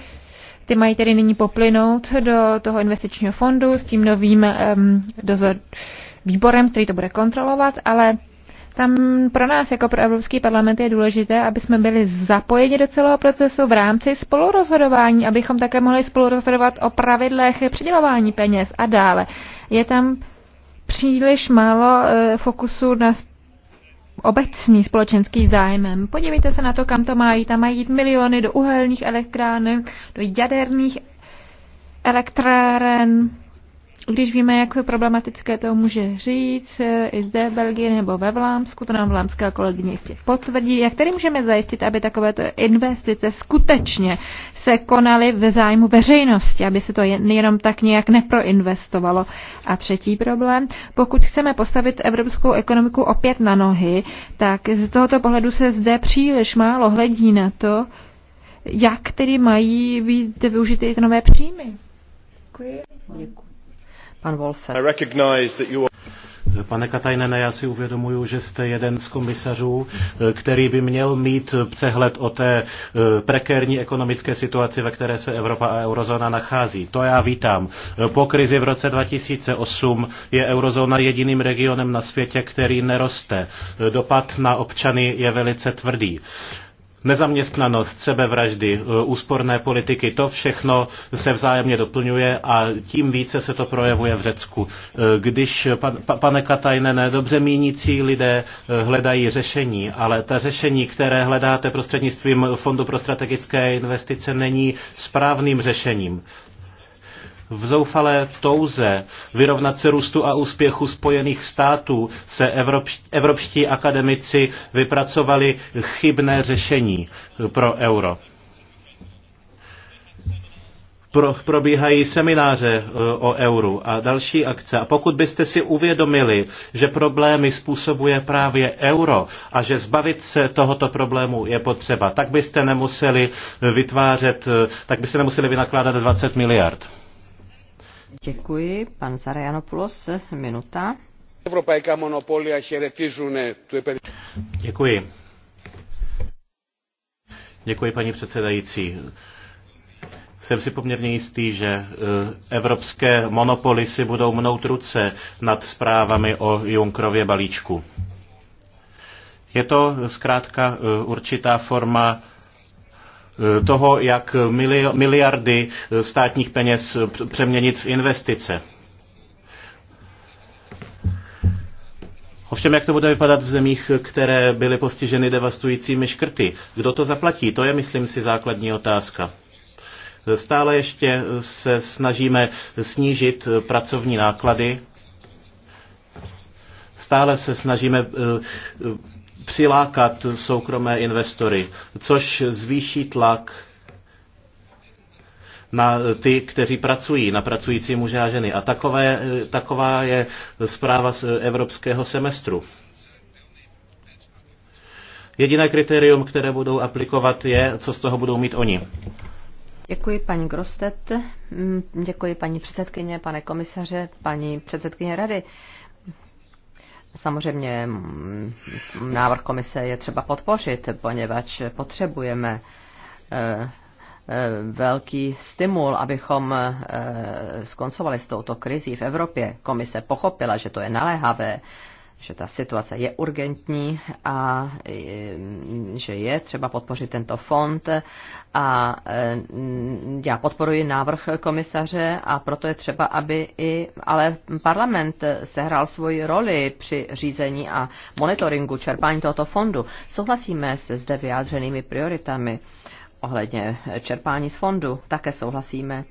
ty mají tedy nyní poplynout do toho investičního fondu s tím novým um, dozor, výborem, který to bude kontrolovat, ale tam pro nás, jako pro Evropský parlament, je důležité, aby jsme byli zapojeni do celého procesu v rámci spolurozhodování, abychom také mohli spolurozhodovat o pravidlech přidělování peněz a dále. Je tam příliš málo e, eh, fokusu na obecný společenský zájmem. Podívejte se na to, kam to mají. Tam mají jít miliony do uhelných elektráren, do jaderných elektráren, když víme, jak problematické to může říct, eh, i zde v Belgii nebo ve Vlámsku, to nám vlámská kolegyně jistě potvrdí, jak tedy můžeme zajistit, aby takovéto investice skutečně se konaly ve zájmu veřejnosti, aby se to jen, jenom tak nějak neproinvestovalo. A třetí problém, pokud chceme postavit evropskou ekonomiku opět na nohy, tak z tohoto pohledu se zde příliš málo hledí na to, jak tedy mají být využity nové příjmy. Děkuji. Děkuji. Pan Wolfe. Pane Katajnene, já si uvědomuju, že jste jeden z komisařů, který by měl mít přehled o té eh, prekérní ekonomické situaci, ve které se Evropa a eurozóna nachází. To já vítám. Po krizi v roce 2008 je eurozóna jediným regionem na světě, který neroste. Dopad na občany je velice tvrdý nezaměstnanost, sebevraždy, eh, úsporné politiky, to všechno se vzájemně doplňuje a tím více se to projevuje v Řecku. Eh, když, pan, pane Katajnene, dobře mínící lidé eh, hledají řešení, ale ta řešení, které hledáte prostřednictvím Fondu pro strategické investice, není správným řešením. V zoufalé touze vyrovnat se růstu a úspěchu Spojených států se evropští akademici vypracovali chybné řešení pro euro pro, probíhají semináře e, o euru a další akce. A pokud byste si uvědomili, že problémy způsobuje právě euro a že zbavit se tohoto problému je potřeba, tak byste nemuseli vytvářet, e, tak byste nemuseli vynakládat 20 miliard. Děkuji, pan Zarajanopoulos, minuta. Evropská monopolia chαιρετίζουν tu Děkuji. Děkuji, paní předsedající. Jsem si poměrně jistý, že eh, evropské monopoly si budou mnout ruce nad zprávami o Junkrově balíčku. Je to zkrátka eh, určitá forma Eh, toho, jak miliardy eh, státních peněz eh, přeměnit v investice. Ovšem, jak to bude vypadat v zemích, které byly postiženy devastujícími škrty? Kdo to zaplatí? To je, myslím si, základní otázka. Stále ještě se snažíme snížit pracovní náklady. Stále se snažíme přilákat soukromé investory, což zvýší tlak na ty, kteří pracují, na pracující muže a ženy. A takové, taková je zpráva z evropského semestru. Jediné kritérium, které budou aplikovat, je, co z toho budou mít oni. Děkuji paní Grostet, děkuji paní předsedkyně, pane komisaře, paní předsedkyně rady. Samozřejmě mm, návrh komise je třeba podpořit, poněvadž potřebujeme eh, eh, velký stimul, abychom eh, skoncovali s touto krizí v Evropě. Komise pochopila, že to je naléhavé že ta situace je urgentní a eh, že je třeba podpořit tento fond. A eh, já podporuji návrh komisaře a proto je třeba, aby i ale parlament sehrál svoji roli při řízení a monitoringu čerpání tohoto fondu. Souhlasíme se zde vyjádřenými prioritami ohledně čerpání z fondu. Také souhlasíme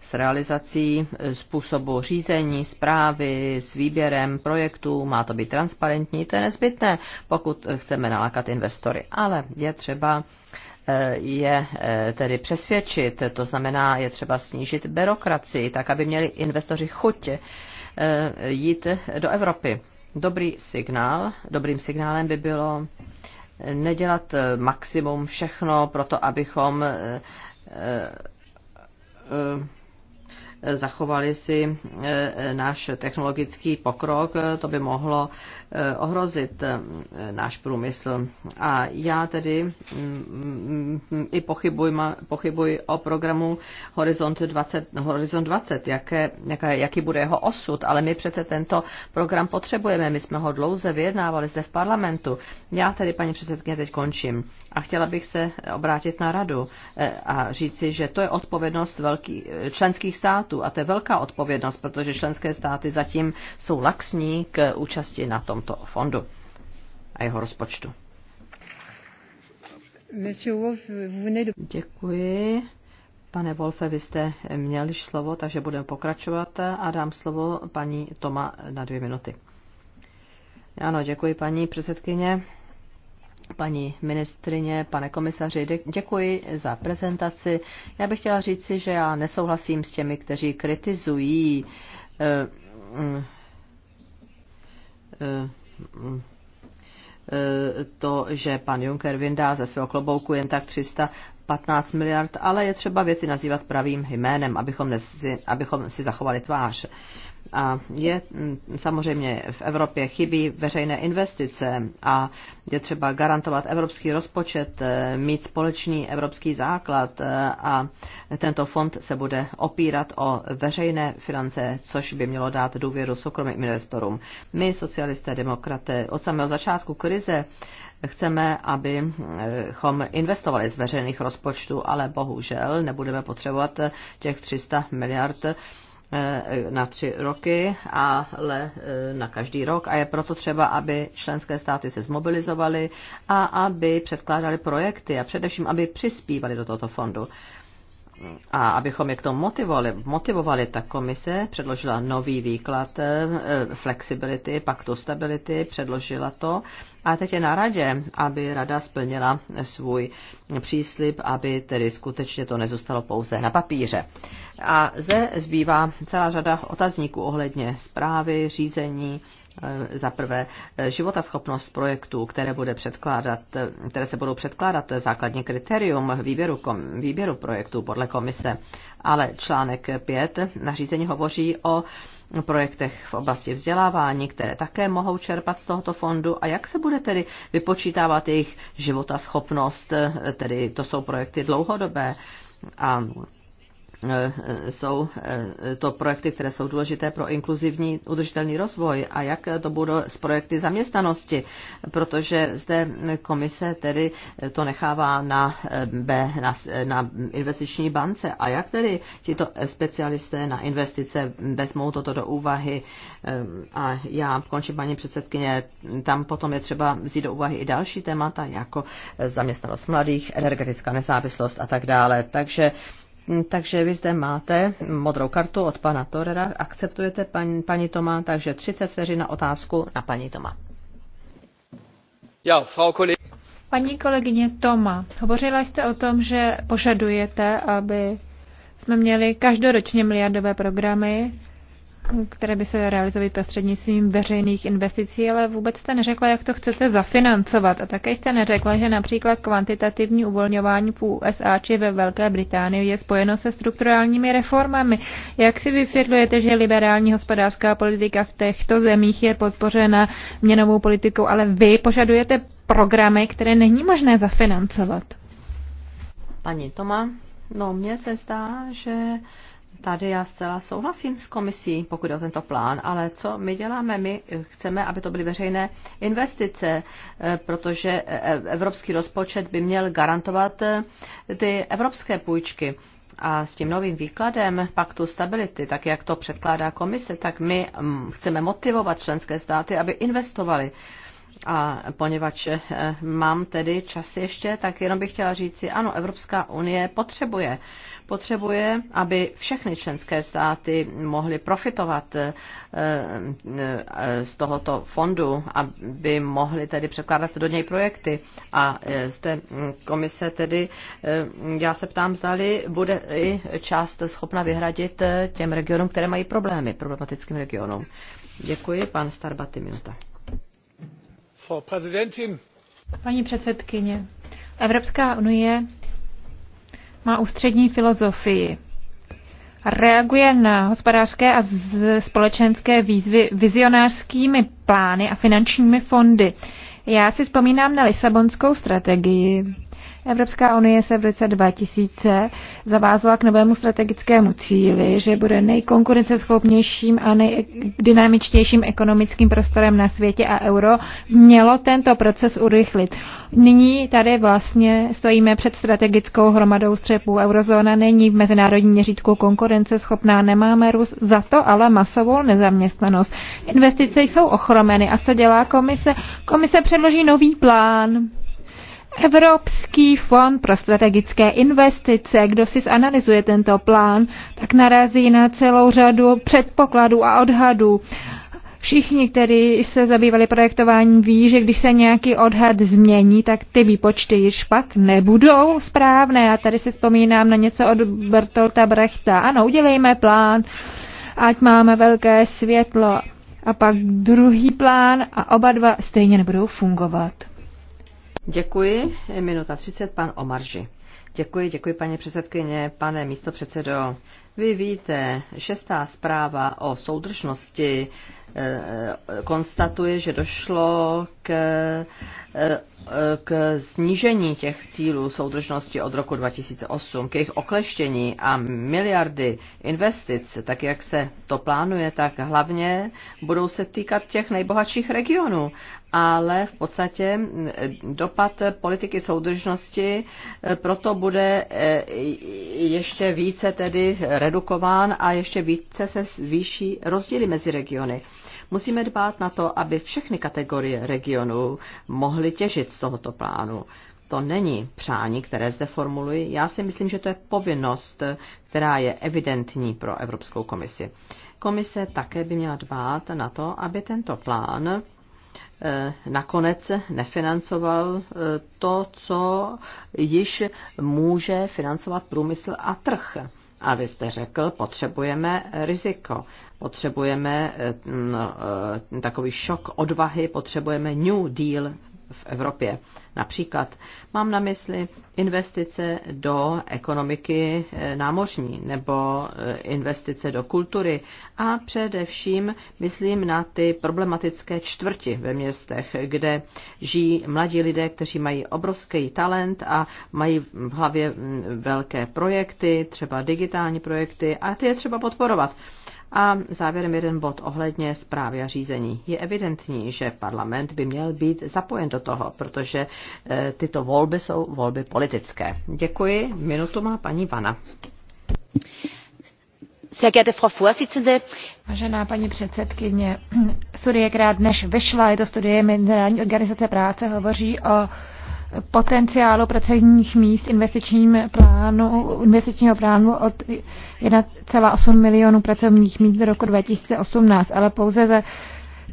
s realizací způsobu řízení, zprávy, s výběrem projektů, má to být transparentní, to je nezbytné, pokud chceme nalákat investory. Ale je třeba eh, je eh, tedy přesvědčit, to znamená, je třeba snížit byrokracii, tak aby měli investoři chuť eh, jít do Evropy. Dobrý signál, dobrým signálem by bylo nedělat maximum všechno pro to, abychom zachovali si eh, náš technologický pokrok, to by mohlo Eh, ohrozit eh, náš průmysl. A já tedy mm, mm, i pochybuji, pochybuji o programu Horizont 20, no, Horizont 20 jaké, jaké, jaký bude jeho osud, ale my přece tento program potřebujeme. My jsme ho dlouze vyjednávali zde v parlamentu. Já tedy, paní předsedkyně, teď končím. A chtěla bych se obrátit na radu eh, a říci, že to je odpovědnost velký, členských států a to je velká odpovědnost, protože členské státy zatím jsou laxní k účasti na tom tomto fondu a jeho rozpočtu. Děkuji. Pane Wolfe, vy jste měl již slovo, takže budeme pokračovat a dám slovo paní Toma na dvě minuty. Ano, děkuji paní předsedkyně, paní ministrině, pane komisaři, děkuji za prezentaci. Já bych chtěla říci, že já nesouhlasím s těmi, kteří kritizují eh, mm, to, že pan Juncker vyndá ze svého klobouku jen tak 315 miliard, ale je třeba věci nazývat pravým jménem, abychom, nesi, abychom si zachovali tvář. A je mm, samozřejmě v Evropě chybí veřejné investice a je třeba garantovat evropský rozpočet, eh, mít společný evropský základ eh, a tento fond se bude opírat o veřejné finance, což by mělo dát důvěru soukromým investorům. My, socialisté, demokraté, od samého začátku krize chceme, abychom eh, investovali z veřejných rozpočtů, ale bohužel nebudeme potřebovat těch 300 miliard Eh, na tři roky, ale eh, na každý rok a je proto třeba, aby členské státy se zmobilizovaly a aby předkládali projekty a především, aby přispívali do tohoto fondu a abychom je k tomu motivovali, motivovali, tak komise předložila nový výklad eh, flexibility, paktu stability, předložila to a teď je na radě, aby rada splnila svůj příslip, aby tedy skutečně to nezůstalo pouze na papíře. A zde zbývá celá řada otazníků ohledně zprávy, řízení Eh, za prvé eh, životaschopnost projektů, které, bude předkládat, eh, které se budou předkládat, to je základní kritérium výběru, kom, výběru projektů podle komise. Ale článek 5 nařízení hovoří o projektech v oblasti vzdělávání, které také mohou čerpat z tohoto fondu a jak se bude tedy vypočítávat jejich životaschopnost, tedy to jsou projekty dlouhodobé a Eh, jsou eh, to projekty, které jsou důležité pro inkluzivní udržitelný rozvoj a jak to bude s projekty zaměstnanosti, protože zde komise tedy eh, to nechává na, B, na, na investiční bance a jak tedy tito specialisté na investice vezmou toto do úvahy a já končím paní předsedkyně, tam potom je třeba vzít do úvahy i další témata jako zaměstnanost mladých, energetická nezávislost a tak dále. Takže Mm, takže vy zde máte modrou kartu od pana Torera. Akceptujete paní, paní Toma, takže 30 vteřin na otázku na paní Toma. Já, Frau Kollegin. Paní kolegyně Toma, hovořila jste o tom, že požadujete, aby jsme měli každoročně miliardové programy které by se realizovaly prostřednictvím veřejných investicí, ale vůbec jste neřekla, jak to chcete zafinancovat. A také jste neřekla, že například kvantitativní uvolňování v USA či ve Velké Británii je spojeno se strukturálními reformami. Jak si vysvětlujete, že liberální hospodářská politika v těchto zemích je podpořena měnovou politikou, ale vy požadujete programy, které není možné zafinancovat? Paní Toma, no mně se zdá, že Tady já zcela souhlasím s komisí, pokud je o tento plán, ale co my děláme? My chceme, aby to byly veřejné investice, eh, protože eh, evropský rozpočet by měl garantovat eh, ty evropské půjčky. A s tím novým výkladem paktu stability, tak jak to předkládá komise, tak my mm, chceme motivovat členské státy, aby investovali. A poněvadž mám tedy čas ještě, tak jenom bych chtěla říct si, ano, Evropská unie potřebuje uh, potřebuje, aby všechny členské státy mohly profitovat eh, eh, z tohoto fondu, aby mohly tedy překládat do něj projekty. A eh, z té komise tedy, já se ptám, zdali bude i část schopna vyhradit těm regionům, které mají problémy, problematickým regionům. Děkuji, pan Starbaty, minuta. Paní předsedkyně, Evropská unie má ústřední filozofii. Reaguje na hospodářské a společenské výzvy vizionářskými plány a finančními fondy. Já si vzpomínám na Lisabonskou strategii Evropská unie se v roce 2000 zavázala k novému strategickému cíli, že bude nejkonkurenceschopnějším a nejdynamičtějším ekonomickým prostorem na světě a euro mělo tento proces urychlit. Nyní tady vlastně stojíme před strategickou hromadou střepů. Eurozóna není v mezinárodním měřítku konkurenceschopná, nemáme růst, za to ale masovou nezaměstnanost. Investice jsou ochromeny. A co dělá komise? Komise předloží nový plán Evropský fond pro strategické investice, kdo si zanalizuje tento plán, tak narazí na celou řadu předpokladů a odhadů. Všichni, kteří se zabývali projektováním, ví, že když se nějaký odhad změní, tak ty výpočty již pak nebudou správné. Já tady si vzpomínám na něco od Bertolta Brechta. Ano, udělejme plán, ať máme velké světlo. A pak druhý plán a oba dva stejně nebudou fungovat. Děkuji. Minuta 30, pan Omarži. Děkuji, děkuji paní předsedkyně, pane místopředsedo. Vy víte, šestá zpráva o soudržnosti eh, eh, konstatuje, že došlo k, eh, k snížení těch cílů soudržnosti od roku 2008, k jejich okleštění a miliardy investic, tak jak se to plánuje, tak hlavně budou se týkat těch nejbohatších regionů ale v podstatě dopad politiky soudržnosti e, proto bude e, ještě více tedy redukován a ještě více se zvýší rozdíly mezi regiony. Musíme dbát na to, aby všechny kategorie regionů mohly těžit z tohoto plánu. To není přání, které zde formuluji. Já si myslím, že to je povinnost, která je evidentní pro Evropskou komisi. Komise také by měla dbát na to, aby tento plán Eh, nakonec nefinancoval eh, to, co již může financovat průmysl a trh. A vy jste řekl, potřebujeme riziko, potřebujeme eh, takový šok odvahy, potřebujeme New Deal v Evropě. Například mám na mysli investice do ekonomiky eh, námořní nebo eh, investice do kultury a především myslím na ty problematické čtvrti ve městech, kde žijí mladí lidé, kteří mají obrovský talent a mají v hlavě mm, velké projekty, třeba digitální projekty a ty je třeba podporovat. A závěrem jeden bod ohledně zprávy a řízení. Je evidentní, že parlament by měl být zapojen do toho, protože eh, tyto volby jsou volby politické. Děkuji. Minutu má paní Vana. Vážená paní předsedkyně, <clears throat> studie, která dnes vyšla, je to studie Mezinárodní organizace práce, hovoří o potenciálu pracovních míst investičním plánu, investičního plánu od 1,8 milionů pracovních míst do roku 2018, ale pouze ze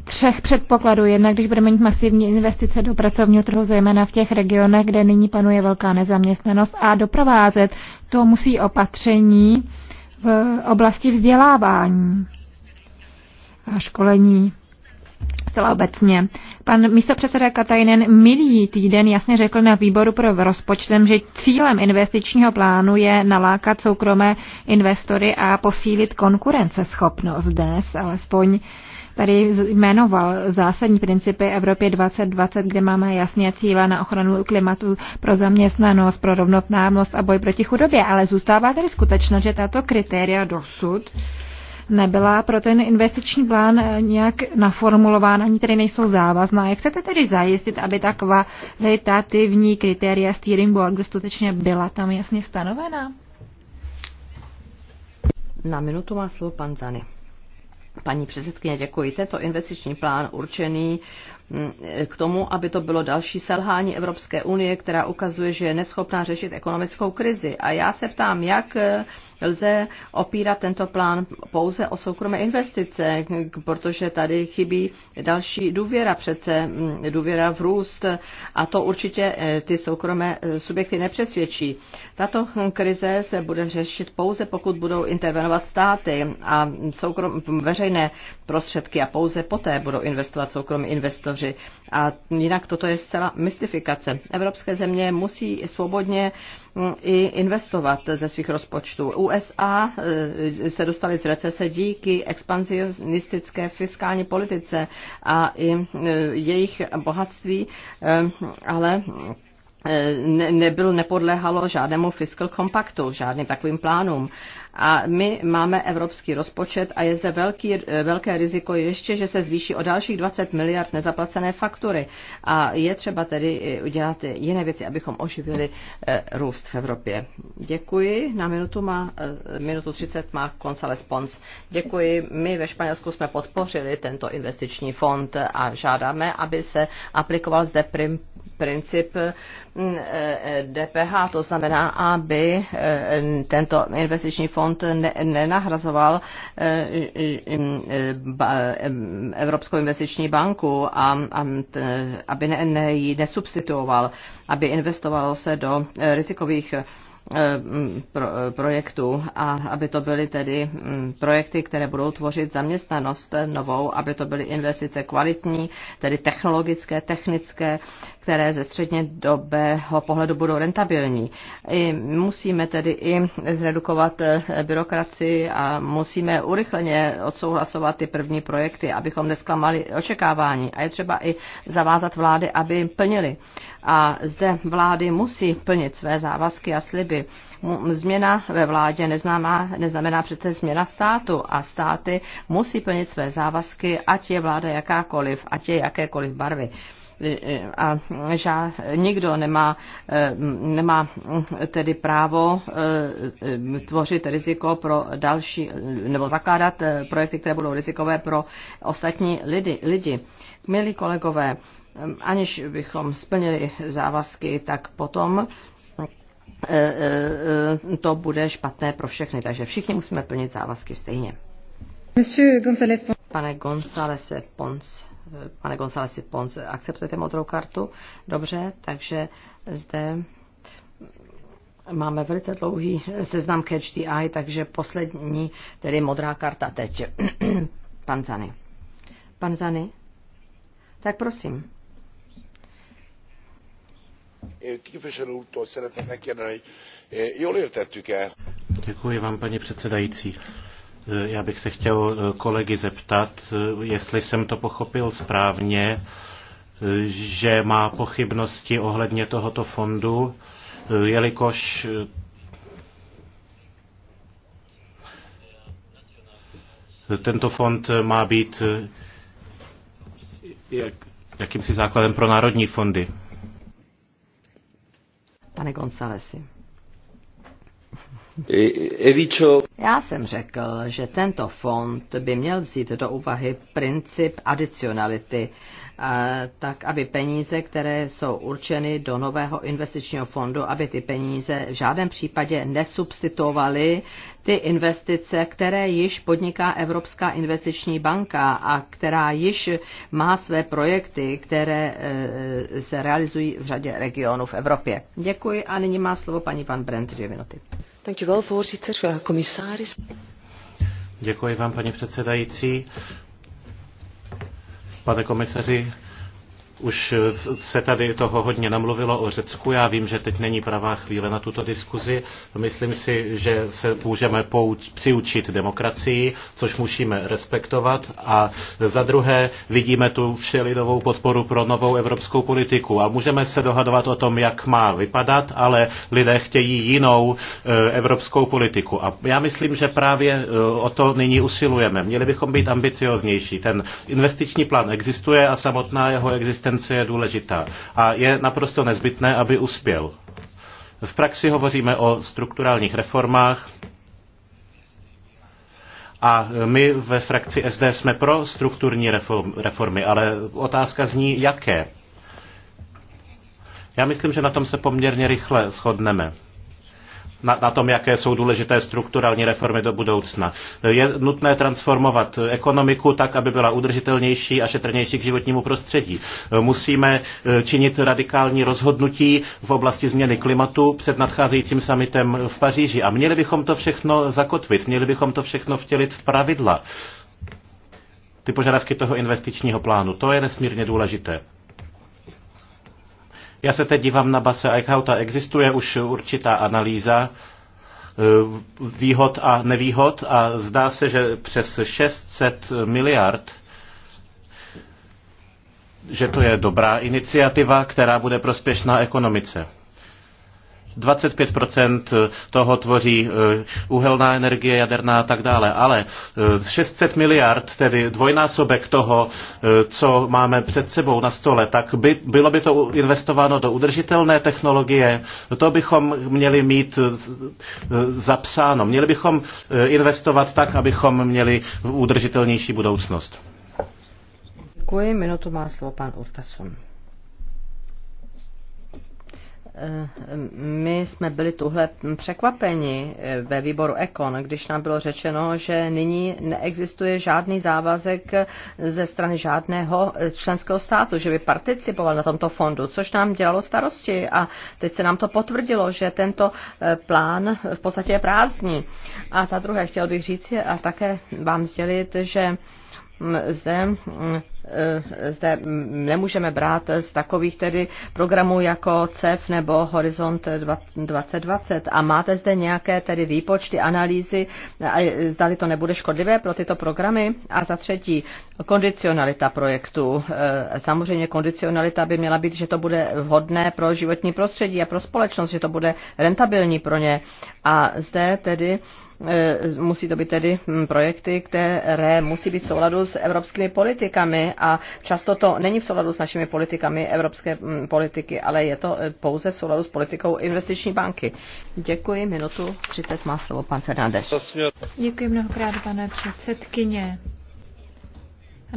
třech předpokladů. Jednak, když budeme mít masivní investice do pracovního trhu, zejména v těch regionech, kde nyní panuje velká nezaměstnanost a doprovázet to musí opatření v oblasti vzdělávání a školení zcela obecně. Pan místopředseda Katajnen minulý týden jasně řekl na výboru pro rozpočtem, že cílem investičního plánu je nalákat soukromé investory a posílit konkurenceschopnost dnes, alespoň tady jmenoval zásadní principy Evropě 2020, kde máme jasně cíle na ochranu klimatu pro zaměstnanost, pro rovnoprávnost a boj proti chudobě, ale zůstává tady skutečnost, že tato kritéria dosud nebyla pro ten investiční plán eh, nějak naformulována, ani tedy nejsou závazná. Jak chcete tedy zajistit, aby ta kvalitativní kritéria steering board skutečně byla tam jasně stanovena? Na minutu má slovo pan Zany. Paní předsedkyně, děkuji. Tento investiční plán určený mm, k tomu, aby to bylo další selhání Evropské unie, která ukazuje, že je neschopná řešit ekonomickou krizi. A já se ptám, jak eh, lze opírat tento plán pouze o soukromé investice, protože tady chybí další důvěra přece, mm, důvěra v růst a to určitě eh, ty soukromé eh, subjekty nepřesvědčí. Tato krize se bude řešit pouze, pokud budou intervenovat státy a soukrom, veřejné prostředky a pouze poté budou investovat soukromí investoři. A jinak toto je zcela mystifikace. Evropské země musí svobodně uh, i investovat ze svých rozpočtů. USA eh, se dostali z recese díky expanzionistické fiskální politice a i eh, jejich bohatství, eh, ale nebylo nebyl, nepodléhalo žádnému fiscal kompaktu, žádným takovým plánům. A my máme evropský rozpočet a je zde velký, velké riziko ještě, že se zvýší o dalších 20 miliard nezaplacené faktury. A je třeba tedy udělat jiné věci, abychom oživili eh, růst v Evropě. Děkuji. Na minutu má, eh, minutu 30 má González Pons. Děkuji. My ve Španělsku jsme podpořili tento investiční fond a žádáme, aby se aplikoval zde prim, princip DPH, mm, eh, to znamená, aby tento investiční fond fond nenahrazoval eh, eh, eh, Evropskou investiční banku a, a aby ne, ne, ji nesubstituoval, aby investovalo se do rizikových projektů a aby to byly tedy projekty, které budou tvořit zaměstnanost novou, aby to byly investice kvalitní, tedy technologické, technické, které ze středně dobého pohledu budou rentabilní. I musíme tedy i zredukovat eh, byrokracii a musíme urychleně odsouhlasovat ty první projekty, abychom nesklamali očekávání. A je třeba i zavázat vlády, aby plnili. A zde vlády musí plnit své závazky a sliby. Změna ve vládě neznámá, neznamená přece změna státu a státy musí plnit své závazky, ať je vláda jakákoliv, ať je jakékoliv barvy a že nikdo nemá, eh, nemá tedy právo eh, tvořit riziko pro další, nebo zakládat eh, projekty, které budou rizikové pro ostatní lidi. lidi. Milí kolegové, aniž bychom splnili závazky, tak potom to bude špatné pro všechny. Takže všichni musíme plnit závazky stejně. Monsieur González Pane Gonzalese Pons. Pane Gonzalesi Pons, akceptujete modrou kartu? Dobře, takže zde máme velice dlouhý seznam Catch the Eye, takže poslední, tedy modrá karta teď. <clears throat> Pan Zany. Pan Zany? Tak prosím. Képviselő úrtól szeretném megkérdezni, hogy eh, jól értettük-e? Děkuji vám, paní předsedající. Eh, já bych se chtěl eh, kolegy zeptat, eh, jestli jsem to pochopil správně, že má pochybnosti ohledně tohoto fondu, jelikož tento fond má být jakýmsi základem pro národní fondy. Pane Gonzalesi. Já jsem řekl, že tento fond by měl vzít do úvahy princip adicionality tak aby peníze, které jsou určeny do nového investičního fondu, aby ty peníze v žádném případě nesubstituovaly ty investice, které již podniká Evropská investiční banka a která již má své projekty, které eh, se realizují v řadě regionů v Evropě. Děkuji a nyní má slovo paní pan Brent dvě minuty. Děkuji vám, paní předsedající. Pane komisaři, už eh, se tady toho hodně namluvilo o Řecku. Já vím, že teď není pravá chvíle na tuto diskuzi. Myslím si, že se můžeme pouč, přiučit demokracii, což musíme respektovat. A za druhé vidíme tu všelidovou podporu pro novou evropskou politiku. A můžeme se dohadovat o tom, jak má vypadat, ale lidé chtějí jinou eh, evropskou politiku. A já myslím, že právě eh, o to nyní usilujeme. Měli bychom být ambicioznější. Ten investiční plán existuje a samotná jeho existence konzistence je důležitá a je naprosto nezbytné, aby uspěl. V praxi hovoříme o strukturálních reformách, a my ve frakci SD jsme pro strukturní reformy, ale otázka zní, jaké. Já myslím, že na tom se poměrně rychle shodneme na, na tom, jaké jsou důležité strukturální reformy do budoucna. Je nutné transformovat ekonomiku tak, aby byla udržitelnější a šetrnější k životnímu prostředí. Musíme eh, činit radikální rozhodnutí v oblasti změny klimatu před nadcházejícím summitem v Paříži. A měli bychom to všechno zakotvit, měli bychom to všechno vtělit v pravidla. Ty požadavky toho investičního plánu, to je nesmírně důležité. Já se teď dívám na Base Eichhauta. Existuje už určitá analýza eh, výhod a nevýhod a zdá se, že přes 600 miliard že to je dobrá iniciativa, která bude prospěšná ekonomice. 25% eh, toho tvoří eh, uhelná energie, jaderná a tak dále. Ale 600 eh, miliard, tedy dvojnásobek toho, co máme před sebou na stole, tak by, bylo by to investováno do udržitelné technologie. To bychom měli mít zapsáno. Měli bychom investovat tak, abychom měli udržitelnější budoucnost. Děkuji. Minutu má slovo pan Urtasun my jsme byli tuhle překvapeni eh, ve výboru Ekon, když nám bylo řečeno, že nyní neexistuje žádný závazek eh, ze strany žádného eh, členského státu, že by participoval na tomto fondu, což nám dělalo starosti. A teď se nám to potvrdilo, že tento plán v podstatě je prázdný. A za druhé chtěl bych říct a také vám sdělit, že mm, zde mm, Eh, zde nemůžeme brát z takových tedy programů jako CEF nebo Horizont 2020. A máte zde nějaké tedy výpočty, analýzy, zdali to nebude škodlivé pro tyto programy? A za třetí, kondicionalita projektu. Eh, samozřejmě kondicionalita by měla být, že to bude vhodné pro životní prostředí a pro společnost, že to bude rentabilní pro ně. A zde tedy Eh, musí to být tedy hm, projekty, které musí být v souladu s evropskými politikami a často to není v souladu s našimi politikami evropské hm, politiky, ale je to eh, pouze v souladu s politikou investiční banky. Děkuji, minutu 30 má slovo pan Fernández. Děkuji mnohokrát, pane předsedkyně.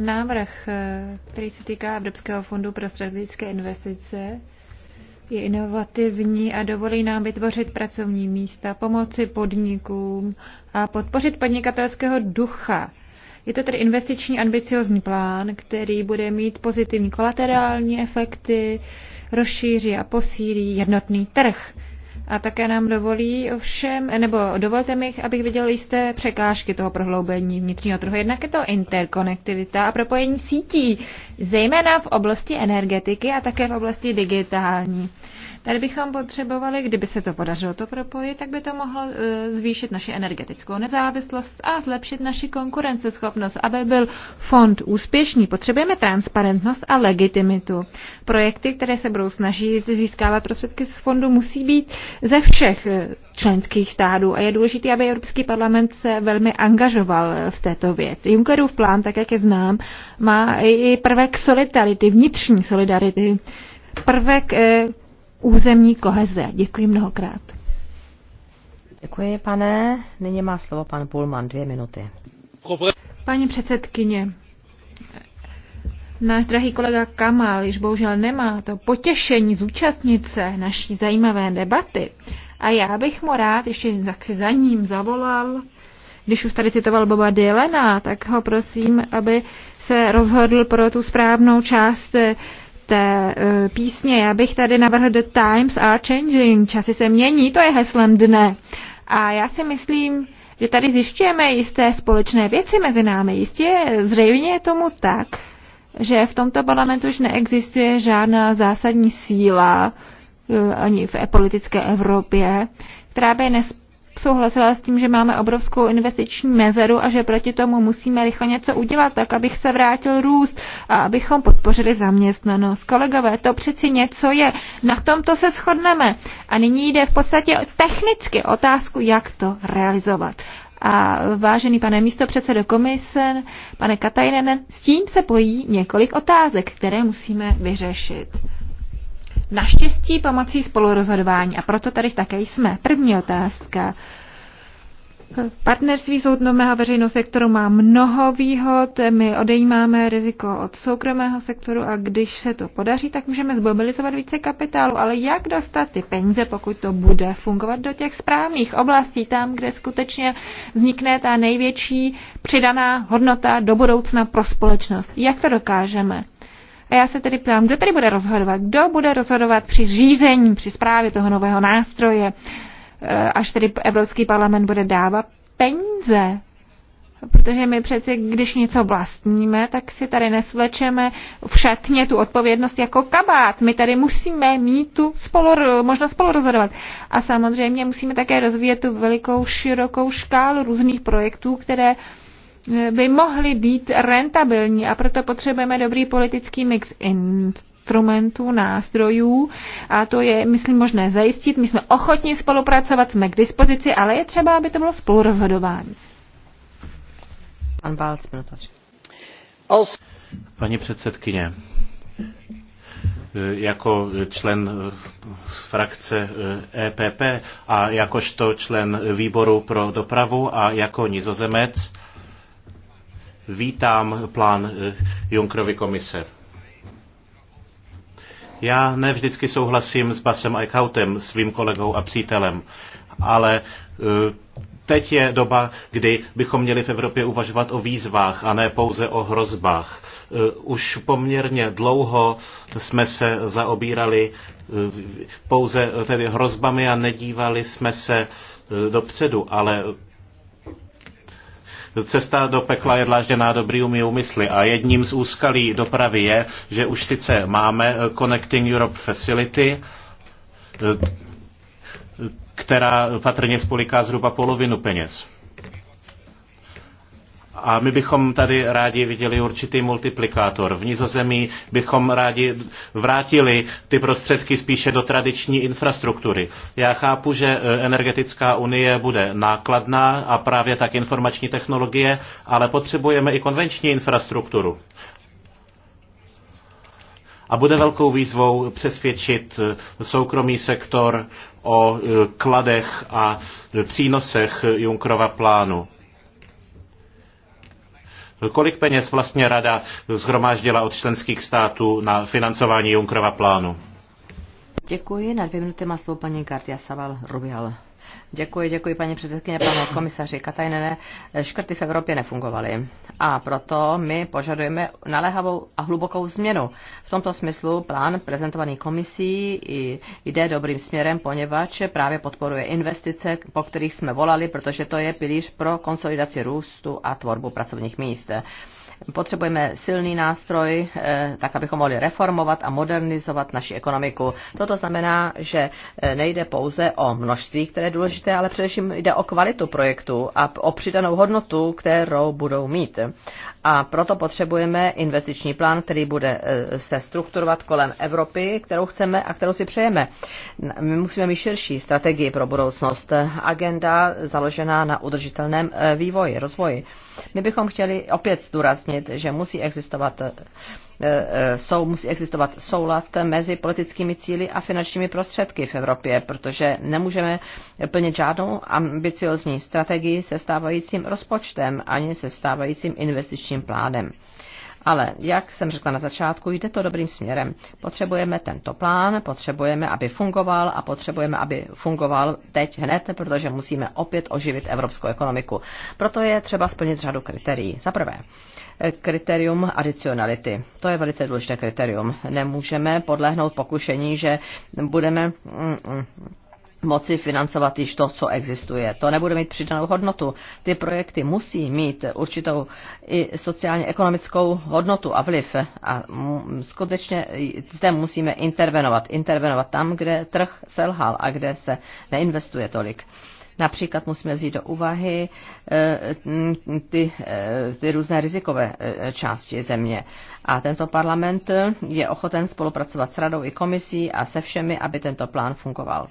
Návrh, eh, který se týká Evropského fondu pro strategické investice, je inovativní a dovolí nám vytvořit pracovní místa, pomoci podnikům a podpořit podnikatelského ducha. Je to tedy investiční ambiciozní plán, který bude mít pozitivní kolaterální efekty, rozšíří a posílí jednotný trh a také nám dovolí ovšem, nebo dovolte mi, abych viděl jisté překážky toho prohloubení vnitřního trhu. Jednak je to interkonektivita a propojení sítí, zejména v oblasti energetiky a také v oblasti digitální. Tady bychom potřebovali, kdyby se to podařilo to propojit, tak by to mohlo e, zvýšit naši energetickou nezávislost a zlepšit naši konkurenceschopnost. Aby byl fond úspěšný, potřebujeme transparentnost a legitimitu. Projekty, které se budou snažit získávat prostředky z fondu, musí být ze všech e, členských států a je důležité, aby Evropský parlament se velmi angažoval v této věci. Junckerův plán, tak jak je znám, má i prvek solidarity, vnitřní solidarity, prvek e, územní koheze. Děkuji mnohokrát. Děkuji, pane. Nyní má slovo pan Pulman, dvě minuty. Paní předsedkyně, Náš drahý kolega Kamal již bohužel nemá to potěšení zúčastnit se naší zajímavé debaty. A já bych mu rád ještě tak si za ním zavolal, když už tady citoval Boba Dylena, tak ho prosím, aby se rozhodl pro tu správnou část té e, písně. Já bych tady navrhl The Times are changing. Časy se mění, to je heslem dne. A já si myslím, že tady zjišťujeme jisté společné věci mezi námi. Jistě zřejmě je tomu tak, že v tomto parlamentu už neexistuje žádná zásadní síla e, ani v politické Evropě, která by nes souhlasila s tím, že máme obrovskou investiční mezeru a že proti tomu musíme rychle něco udělat, tak abych se vrátil růst a abychom podpořili zaměstnanost. Kolegové, to přeci něco je. Na tomto se shodneme. A nyní jde v podstatě technicky otázku, jak to realizovat. A vážený pane místo předsedo komise, pane Katajnene, s tím se pojí několik otázek, které musíme vyřešit. Naštěstí pomocí spolurozhodování a proto tady také jsme. První otázka. Partnerství soudnového veřejného sektoru má mnoho výhod, my odejímáme riziko od soukromého sektoru a když se to podaří, tak můžeme zmobilizovat více kapitálu, ale jak dostat ty peníze, pokud to bude fungovat do těch správných oblastí, tam, kde skutečně vznikne ta největší přidaná hodnota do budoucna pro společnost. Jak to dokážeme? A já se tedy ptám, kdo tady bude rozhodovat? Kdo bude rozhodovat při řízení, při zprávě toho nového nástroje, eh, až tedy Evropský parlament bude dávat peníze Protože my přeci, když něco vlastníme, tak si tady nesvlečeme všetně tu odpovědnost jako kabát. My tady musíme mít tu spolu, možnost spolurozhodovat. A samozřejmě musíme také rozvíjet tu velikou, širokou škálu různých projektů, které uh, by mohly být rentabilní a proto potřebujeme dobrý politický mix instrumentů, nástrojů a to je, myslím, možné zajistit. My jsme ochotní spolupracovat, jsme k dispozici, ale je třeba, aby to bylo spolurozhodování. Pan Paní předsedkyně, jako člen z frakce EPP a jakožto člen výboru pro dopravu a jako nizozemec vítám plán eh, Junkrovy komise. Já nevždycky souhlasím s Basem Eichhoutem, svým kolegou a přítelem, ale eh, teď je doba, kdy bychom měli v Evropě uvažovat o výzvách a ne pouze o hrozbách. Eh, už poměrně dlouho jsme se zaobírali pouze tedy hrozbami a nedívali jsme se dopředu, ale Cesta do pekla je dlážděná dobrými úmysly a jedním z úskalí dopravy je, že už sice máme eh, Connecting Europe Facility, eh, která patrně spoliká zhruba polovinu peněz. A my bychom tady rádi viděli určitý multiplikátor. V Nizozemí bychom rádi vrátili ty prostředky spíše do tradiční infrastruktury. Já chápu, že e, energetická unie bude nákladná a právě tak informační technologie, ale potřebujeme i konvenční infrastrukturu. A bude velkou výzvou přesvědčit e, soukromý sektor o e, kladech a přínosech Junkrova plánu. Kolik peněz vlastně rada zhromáždila od členských států na financování Junkrova plánu? Děkuji. Na dvě minuty má slovo paní Gardia Saval Rubial. Děkuji, děkuji paní předsedkyně, pane komisaři Katajnene. Škrty v Evropě nefungovaly a proto my požadujeme naléhavou a hlubokou změnu. V tomto smyslu plán prezentovaný komisí jde dobrým směrem, poněvadž právě podporuje investice, po kterých jsme volali, protože to je pilíř pro konsolidaci růstu a tvorbu pracovních míst. Potřebujeme silný nástroj, eh, tak abychom mohli reformovat a modernizovat naši ekonomiku. Toto znamená, že eh, nejde pouze o množství, které je důležité, ale především jde o kvalitu projektu a o přidanou hodnotu, kterou budou mít. A proto potřebujeme investiční plán, který bude e, se strukturovat kolem Evropy, kterou chceme a kterou si přejeme. My musíme mít širší strategii pro budoucnost. Agenda založená na udržitelném e, vývoji, rozvoji. My bychom chtěli opět zdůraznit, že musí existovat jsou, eh, eh, musí existovat soulad mezi politickými cíly a finančními prostředky v Evropě, protože nemůžeme plnit žádnou ambiciozní strategii se stávajícím rozpočtem ani se stávajícím investičním plánem. Ale, jak jsem řekla na začátku, jde to dobrým směrem. Potřebujeme tento plán, potřebujeme, aby fungoval a potřebujeme, aby fungoval teď hned, protože musíme opět oživit evropskou ekonomiku. Proto je třeba splnit řadu kritérií. Za prvé, kritérium adicionality. To je velice důležité kritérium. Nemůžeme podlehnout pokušení, že budeme mm, mm, moci financovat již to, co existuje. To nebude mít přidanou hodnotu. Ty projekty musí mít určitou i sociálně ekonomickou hodnotu a vliv. A skutečně zde musíme intervenovat. Intervenovat tam, kde trh selhal a kde se neinvestuje tolik. Například musíme vzít do úvahy e, ty, e, ty různé rizikové e, části země. A tento parlament je ochoten spolupracovat s radou i komisí a se všemi, aby tento plán fungoval.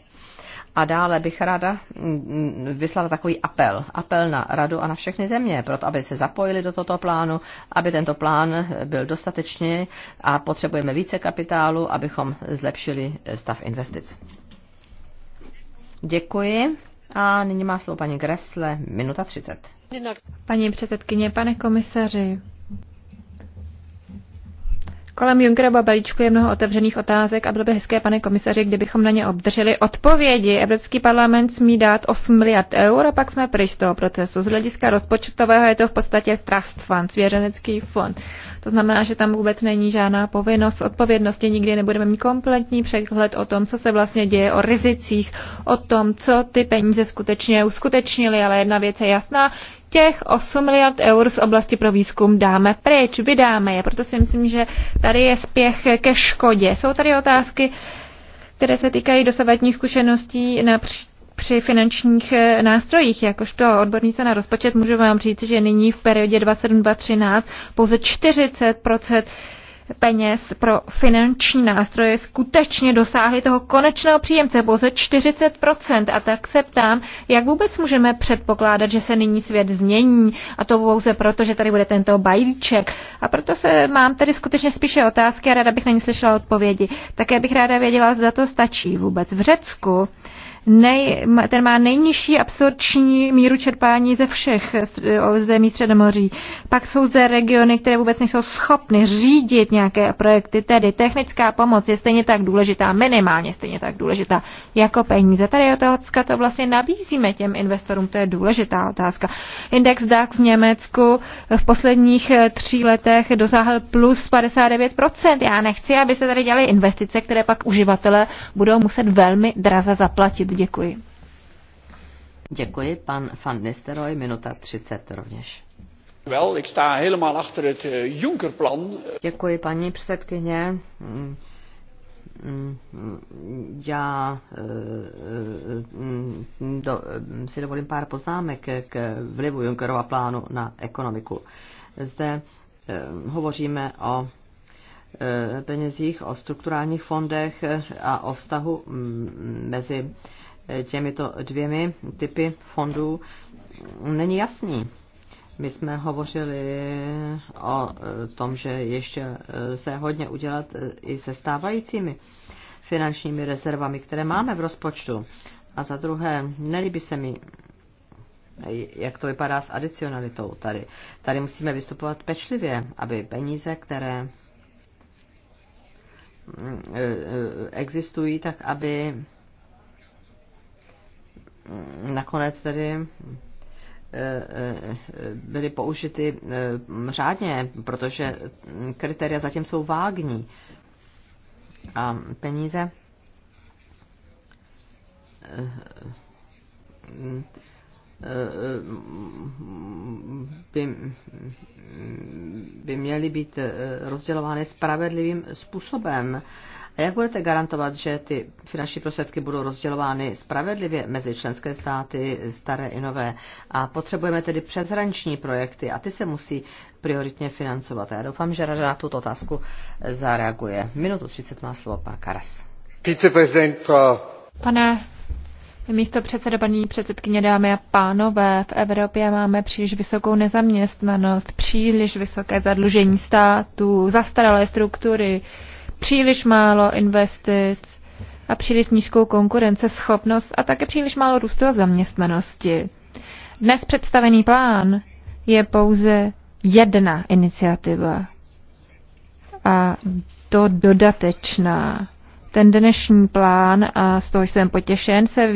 A dále bych ráda mm, mm, vyslala takový apel, apel na radu a na všechny země, proto aby se zapojili do tohoto plánu, aby tento plán byl dostatečný a potřebujeme více kapitálu, abychom zlepšili stav investic. Děkuji. A nyní má slovo paní Gresle, minuta 30. Paní předsedkyně, pane komisaři, Kolem Junckerova balíčku je mnoho otevřených otázek a bylo by hezké, pane komisaři, kdybychom na ně obdrželi odpovědi. Evropský parlament smí dát 8 miliard eur a pak jsme pryč z toho procesu. Z hlediska rozpočtového je to v podstatě trust fund, svěřenecký fond. To znamená, že tam vůbec není žádná povinnost odpovědnosti, nikdy nebudeme mít kompletní přehled o tom, co se vlastně děje, o rizicích, o tom, co ty peníze skutečně uskutečnili, ale jedna věc je jasná, těch 8 miliard eur z oblasti pro výzkum dáme pryč, vydáme je. Proto si myslím, že tady je spěch ke škodě. Jsou tady otázky, které se týkají dosavadních zkušeností na při finančních eh, nástrojích, jakožto odbornice na rozpočet, můžu vám říct, že nyní v periodě 2017 pouze 40 peněz pro finanční nástroje skutečně dosáhly toho konečného příjemce pouze 40%. A tak se ptám, jak vůbec můžeme předpokládat, že se nyní svět změní a to pouze proto, že tady bude tento bajíček. A proto se mám tady skutečně spíše otázky a ráda bych na ně slyšela odpovědi. Také bych ráda věděla, zda to stačí vůbec. V Řecku nej, ten má nejnižší absorpční míru čerpání ze všech eh, zemí Středomoří. Pak jsou zde regiony, které vůbec nejsou schopny řídit nějaké projekty, tedy technická pomoc je stejně tak důležitá, minimálně stejně tak důležitá jako peníze. Tady otázka to vlastně nabízíme těm investorům, to je důležitá otázka. Index DAX v Německu v posledních eh, tří letech dosáhl plus 59%. Já nechci, aby se tady dělaly investice, které pak uživatelé budou muset velmi draze zaplatit. Děkuji. Děkuji, pan Van Nistelrooy, minuta 30 rovněž. Eh, Děkuji, paní předsedkyně. Mm, mm, mm, já eh, eh, do, si dovolím pár poznámek k vlivu Junckerova plánu na ekonomiku. Zde hovoříme o penězích, o strukturálních fondech a o vztahu mezi těmito dvěmi typy fondů není jasný. My jsme hovořili o tom, že ještě se hodně udělat i se stávajícími finančními rezervami, které máme v rozpočtu. A za druhé, nelíbí se mi, jak to vypadá s adicionalitou tady. Tady musíme vystupovat pečlivě, aby peníze, které mm, e, e, existují, tak aby nakonec tedy eh, eh, byly použity eh, řádně, protože kritéria zatím jsou vágní. A peníze by, by měly být rozdělovány spravedlivým způsobem a jak budete garantovat, že ty finanční prostředky budou rozdělovány spravedlivě mezi členské státy, staré i nové? A potřebujeme tedy přeshraniční projekty a ty se musí prioritně financovat. A já doufám, že Rada na tuto otázku zareaguje. Minutu 30 má slovo pan Karas. Eh, Pane místo předseda paní předsedkyně dámy a pánové, v Evropě máme příliš vysokou nezaměstnanost, příliš vysoké zadlužení států, zastaralé struktury, příliš málo investic a příliš nízkou konkurenceschopnost a také příliš málo růstu a zaměstnanosti. Dnes představený plán je pouze jedna iniciativa a to dodatečná ten dnešní plán, a z toho jsem potěšen, se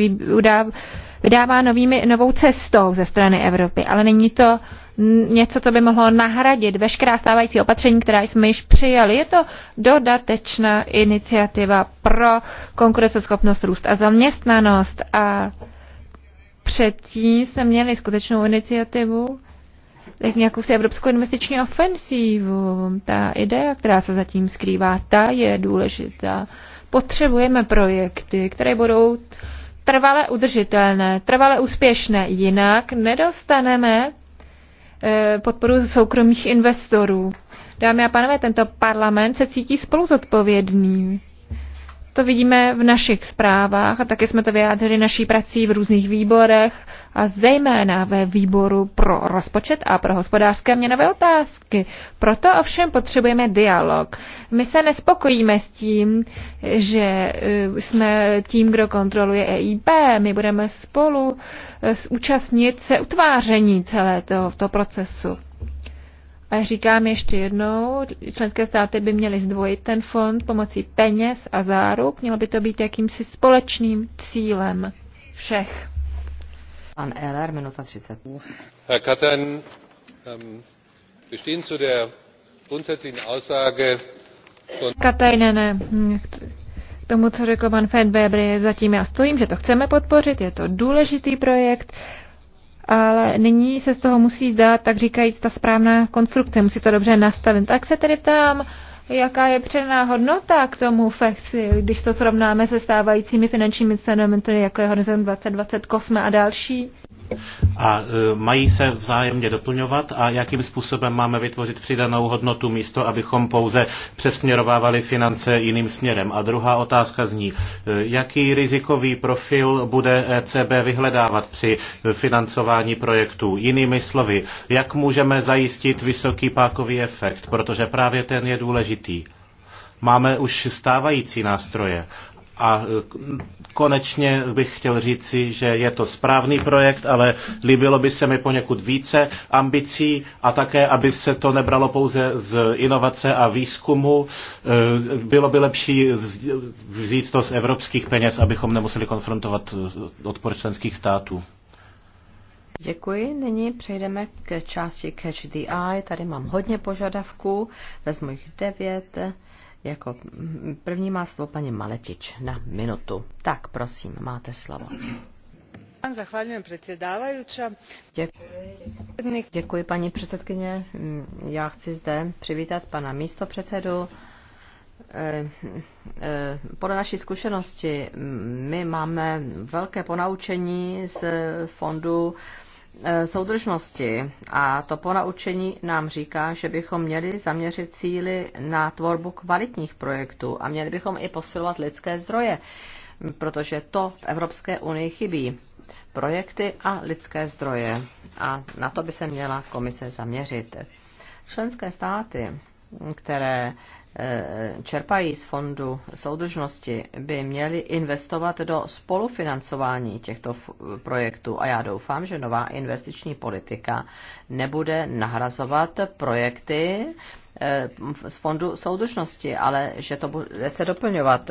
vydává novými, novou cestou ze strany Evropy, ale není to něco, co by mohlo nahradit veškerá stávající opatření, která jsme již přijali. Je to dodatečná iniciativa pro konkurenceschopnost, růst a zaměstnanost a předtím jsme měli skutečnou iniciativu, jak nějakou si evropskou investiční ofensívu. Ta idea, která se zatím skrývá, ta je důležitá. Potřebujeme projekty, které budou trvale udržitelné, trvale úspěšné. Jinak nedostaneme e, podporu soukromých investorů. Dámy a pánové, tento parlament se cítí spoluzodpovědný. To vidíme v našich zprávách a také jsme to vyjádřili naší prací v různých výborech a zejména ve výboru pro rozpočet a pro hospodářské měnové otázky. Proto ovšem potřebujeme dialog. My se nespokojíme s tím, že eh, jsme tím, kdo kontroluje EIB. My budeme spolu eh, účastnit se utváření celého toho procesu. A říkám ještě jednou, členské státy by měly zdvojit ten fond pomocí peněz a záruk. Mělo by to být jakýmsi společným cílem všech. Pan Eller, minuta 30. Herr Katan, um, ähm, wir stehen zu der grundsätzlichen Aussage von... Katajnene, hm, k tomu, co řekl pan Fedweber, zatím já stojím, že to chceme podpořit, je to důležitý projekt, ale nyní se z toho musí zdát, tak říkajíc, ta správná konstrukce, musí to dobře nastavit. Tak se tedy ptám, jaká je přená hodnota k tomu FEXi, když to srovnáme se stávajícími finančními instrumenty, jako je Horizon 2020, Kosme a další? a e, mají se vzájemně doplňovat a jakým způsobem máme vytvořit přidanou hodnotu místo, abychom pouze přesměrovávali finance jiným směrem. A druhá otázka zní, e, jaký rizikový profil bude ECB vyhledávat při financování projektů? Jinými slovy, jak můžeme zajistit vysoký pákový efekt, protože právě ten je důležitý. Máme už stávající nástroje a e, konečně bych chtěl říci, že je to správný projekt, ale líbilo by se mi poněkud více ambicí a také, aby se to nebralo pouze z inovace a výzkumu. E, bylo by lepší vzít to z evropských peněz, abychom nemuseli konfrontovat e, odpor členských států. Děkuji. Nyní přejdeme k části Catch the Eye. Tady mám hodně požadavků, vezmu jich devět. Jako první má slovo paní Maletič na minutu. Tak, prosím, máte slovo. Děkuji, děkuji paní předsedkyně. Já chci zde přivítat pana předsedu. Podle naší zkušenosti my máme velké ponaučení z fondu Eh, soudržnosti a to ponaučení nám říká, že bychom měli zaměřit cíly na tvorbu kvalitních projektů a měli bychom i posilovat lidské zdroje, protože to v Evropské unii chybí. Projekty a lidské zdroje. A na to by se měla komise zaměřit. Členské státy, které Eh, čerpají z fondu soudržnosti, by měli investovat do spolufinancování těchto projektů. A já doufám, že nová investiční politika nebude nahrazovat projekty eh, z fondu soudržnosti, ale že to bude se doplňovat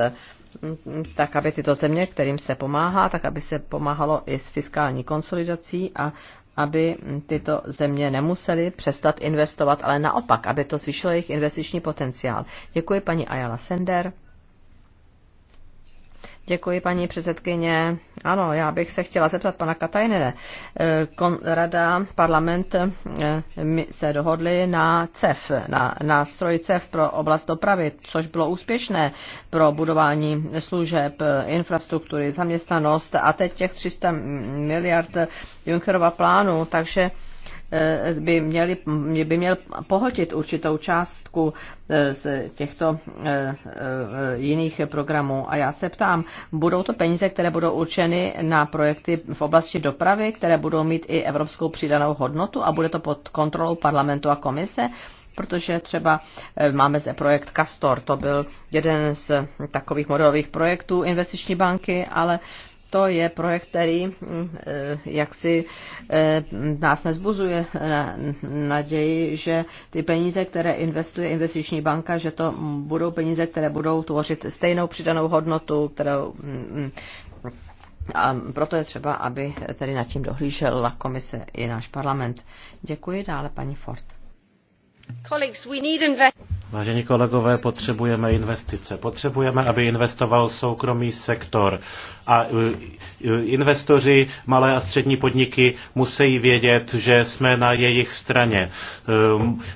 mm, tak, aby tyto země, kterým se pomáhá, tak aby se pomáhalo i s fiskální konsolidací a aby tyto země nemusely přestat investovat, ale naopak, aby to zvýšilo jejich investiční potenciál. Děkuji paní Ayala Sender. Děkuji, paní předsedkyně. Ano, já bych se chtěla zeptat pana Katajnene. Eh, Rada, parlament eh, se dohodli na CEF, na nástroj CEF pro oblast dopravy, což bylo úspěšné pro budování služeb, eh, infrastruktury, zaměstnanost a teď těch 300 miliard Junckerova plánu, takže Eh, by, měli, by měl pohltit určitou částku eh, z těchto eh, jiných programů. A já se ptám, budou to peníze, které budou určeny na projekty v oblasti dopravy, které budou mít i evropskou přidanou hodnotu a bude to pod kontrolou parlamentu a komise? protože třeba máme zde projekt Castor, to byl jeden z takových modelových projektů investiční banky, ale to je projekt, který mm, eh, jaksi eh, nás nezbuzuje naději, že ty peníze, které investuje investiční banka, že to budou peníze, které budou tvořit stejnou přidanou hodnotu, kterou mm, mm, a proto je třeba, aby tedy nad tím dohlížela komise i náš parlament. Děkuji dále paní Ford. Vážení kolegové, potřebujeme investice. Potřebujeme, aby investoval soukromý sektor. A e, e, investoři, malé a střední podniky musí vědět, že jsme na jejich straně. E,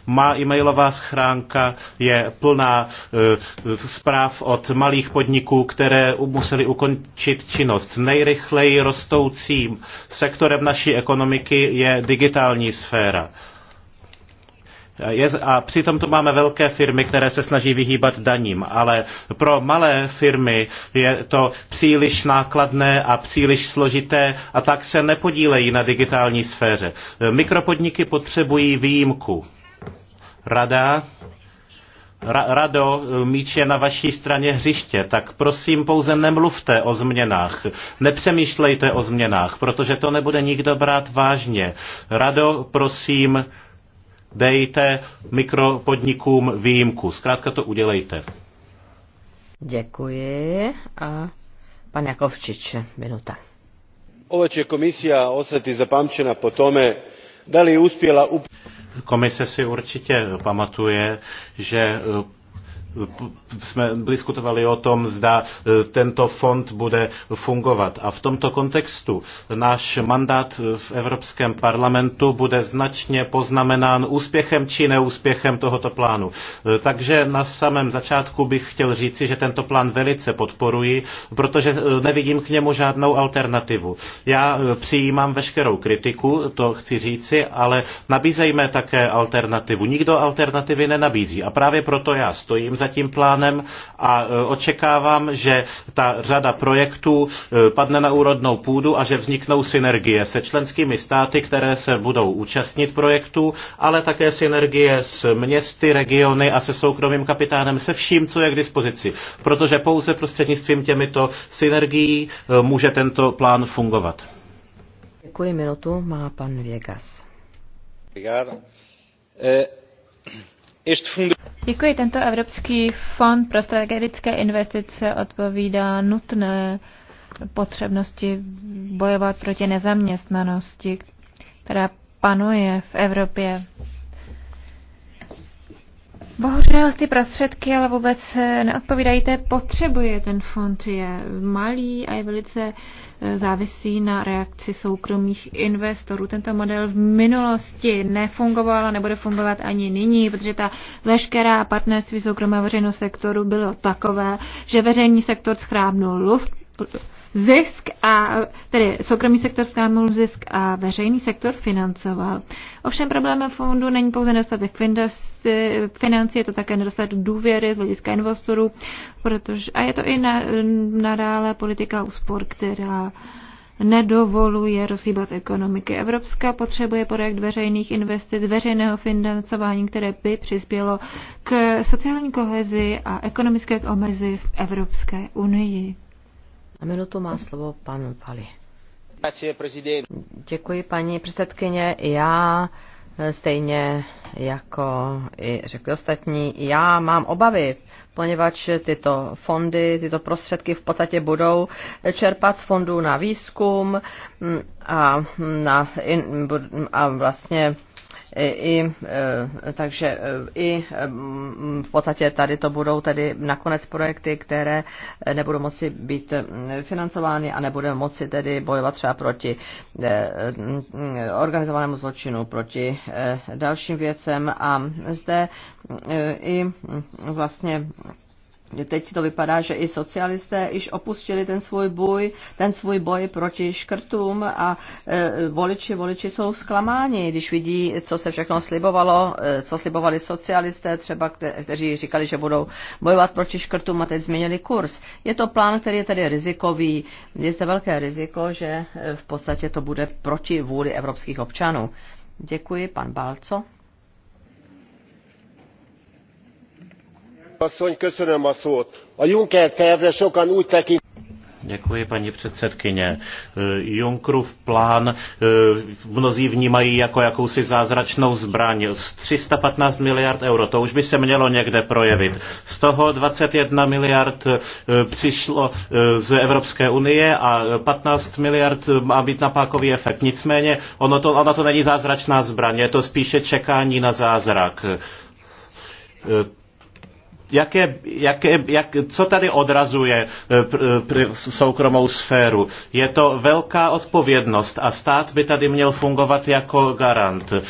má e-mailová schránka je plná zpráv od malých podniků, které museli ukončit činnost. Nejrychleji rostoucím sektorem naší ekonomiky je digitální sféra. Je, a přitom tu máme velké firmy, které se snaží vyhýbat daním, ale pro malé firmy je to příliš nákladné a příliš složité a tak se nepodílejí na digitální sféře. Mikropodniky potřebují výjimku. Rada? Ra, Rado, míč je na vaší straně hřiště, tak prosím pouze nemluvte o změnách, nepřemýšlejte o změnách, protože to nebude nikdo brát vážně. Rado, prosím, Dejte mikropodnikům výjimku. Zkrátka to udělejte. Děkuji. A pan Jakovčič, minuta. Ova će komisija ostati zapamćena po tome da li je uspjela... Komise si určitě pamatuje, že jsme diskutovali o tom, zda e, tento fond bude fungovat. A v tomto kontextu náš mandát v Evropském parlamentu bude značně poznamenán úspěchem či neúspěchem tohoto plánu. E, takže na samém začátku bych chtěl říci, že tento plán velice podporuji, protože e, nevidím k němu žádnou alternativu. Já přijímám veškerou kritiku, to chci říci, ale nabízejme také alternativu. Nikdo alternativy nenabízí a právě proto já stojím za za tím plánem a e, očekávám, že ta řada projektů e, padne na úrodnou půdu a že vzniknou synergie se členskými státy, které se budou účastnit projektů, ale také synergie s městy, regiony a se soukromým kapitánem, se vším, co je k dispozici. Protože pouze prostřednictvím těmito synergií e, může tento plán fungovat. Děkuji, minutu má pan Věgas. Obrigado. Eh, Děkuji. Tento Evropský fond pro strategické investice odpovídá nutné potřebnosti bojovat proti nezaměstnanosti, která panuje v Evropě. Bohužel ty prostředky ale vůbec neodpovídají té potřebuje. Ten fond je malý a je velice závisí na reakci soukromých investorů. Tento model v minulosti nefungoval a nebude fungovat ani nyní, protože ta veškerá partnerství soukromého veřejného sektoru bylo takové, že veřejný sektor schrábnul luft, zisk a, tedy soukromý sektor zklamul zisk a veřejný sektor financoval. Ovšem problémem fondu není pouze nedostatek financí, je to také nedostatek důvěry z hlediska investorů, protože, a je to i na, nadále politika úspor, která nedovoluje rozhýbat ekonomiky. Evropská potřebuje projekt veřejných investic, veřejného financování, které by přispělo k sociální kohezi a ekonomické omezi v Evropské unii. A minutu má slovo pan Pali. Děkuji, paní předsedkyně. Já eh, stejně jako i řekli ostatní, já mám obavy, poněvadž tyto fondy, tyto prostředky v podstatě budou čerpat z fondů na výzkum mm, a, na, a vlastně i, e, takže e, i e, v podstatě tady to budou tedy nakonec projekty, které nebudou moci být financovány a nebudeme moci tedy bojovat třeba proti organizovanému zločinu, proti dalším věcem a zde i vlastně Teď to vypadá, že i socialisté již opustili ten svůj boj, ten svůj boj proti škrtům a e, voliči, voliči jsou zklamáni, když vidí, co se všechno slibovalo, e, co slibovali socialisté třeba, kte, kteří říkali, že budou bojovat proti škrtům a teď změnili kurz. Je to plán, který je tedy rizikový. Je zde velké riziko, že e, v podstatě to bude proti vůli evropských občanů. Děkuji, pan Balco. Děkuji, paní předsedkyně. E, Junckerův plán e, mnozí vnímají jako jakousi zázračnou zbraň. Z 315 miliard euro, to už by se mělo někde projevit. Z toho 21 miliard e, přišlo z Evropské unie a 15 miliard má být na pákový efekt. Nicméně ono to, ono to není zázračná zbraň, je to spíše čekání na zázrak jaké, jaké, jak, co tady odrazuje eh, eh, soukromou sféru? Je to velká odpovědnost a stát by tady měl fungovat jako garant. Eh,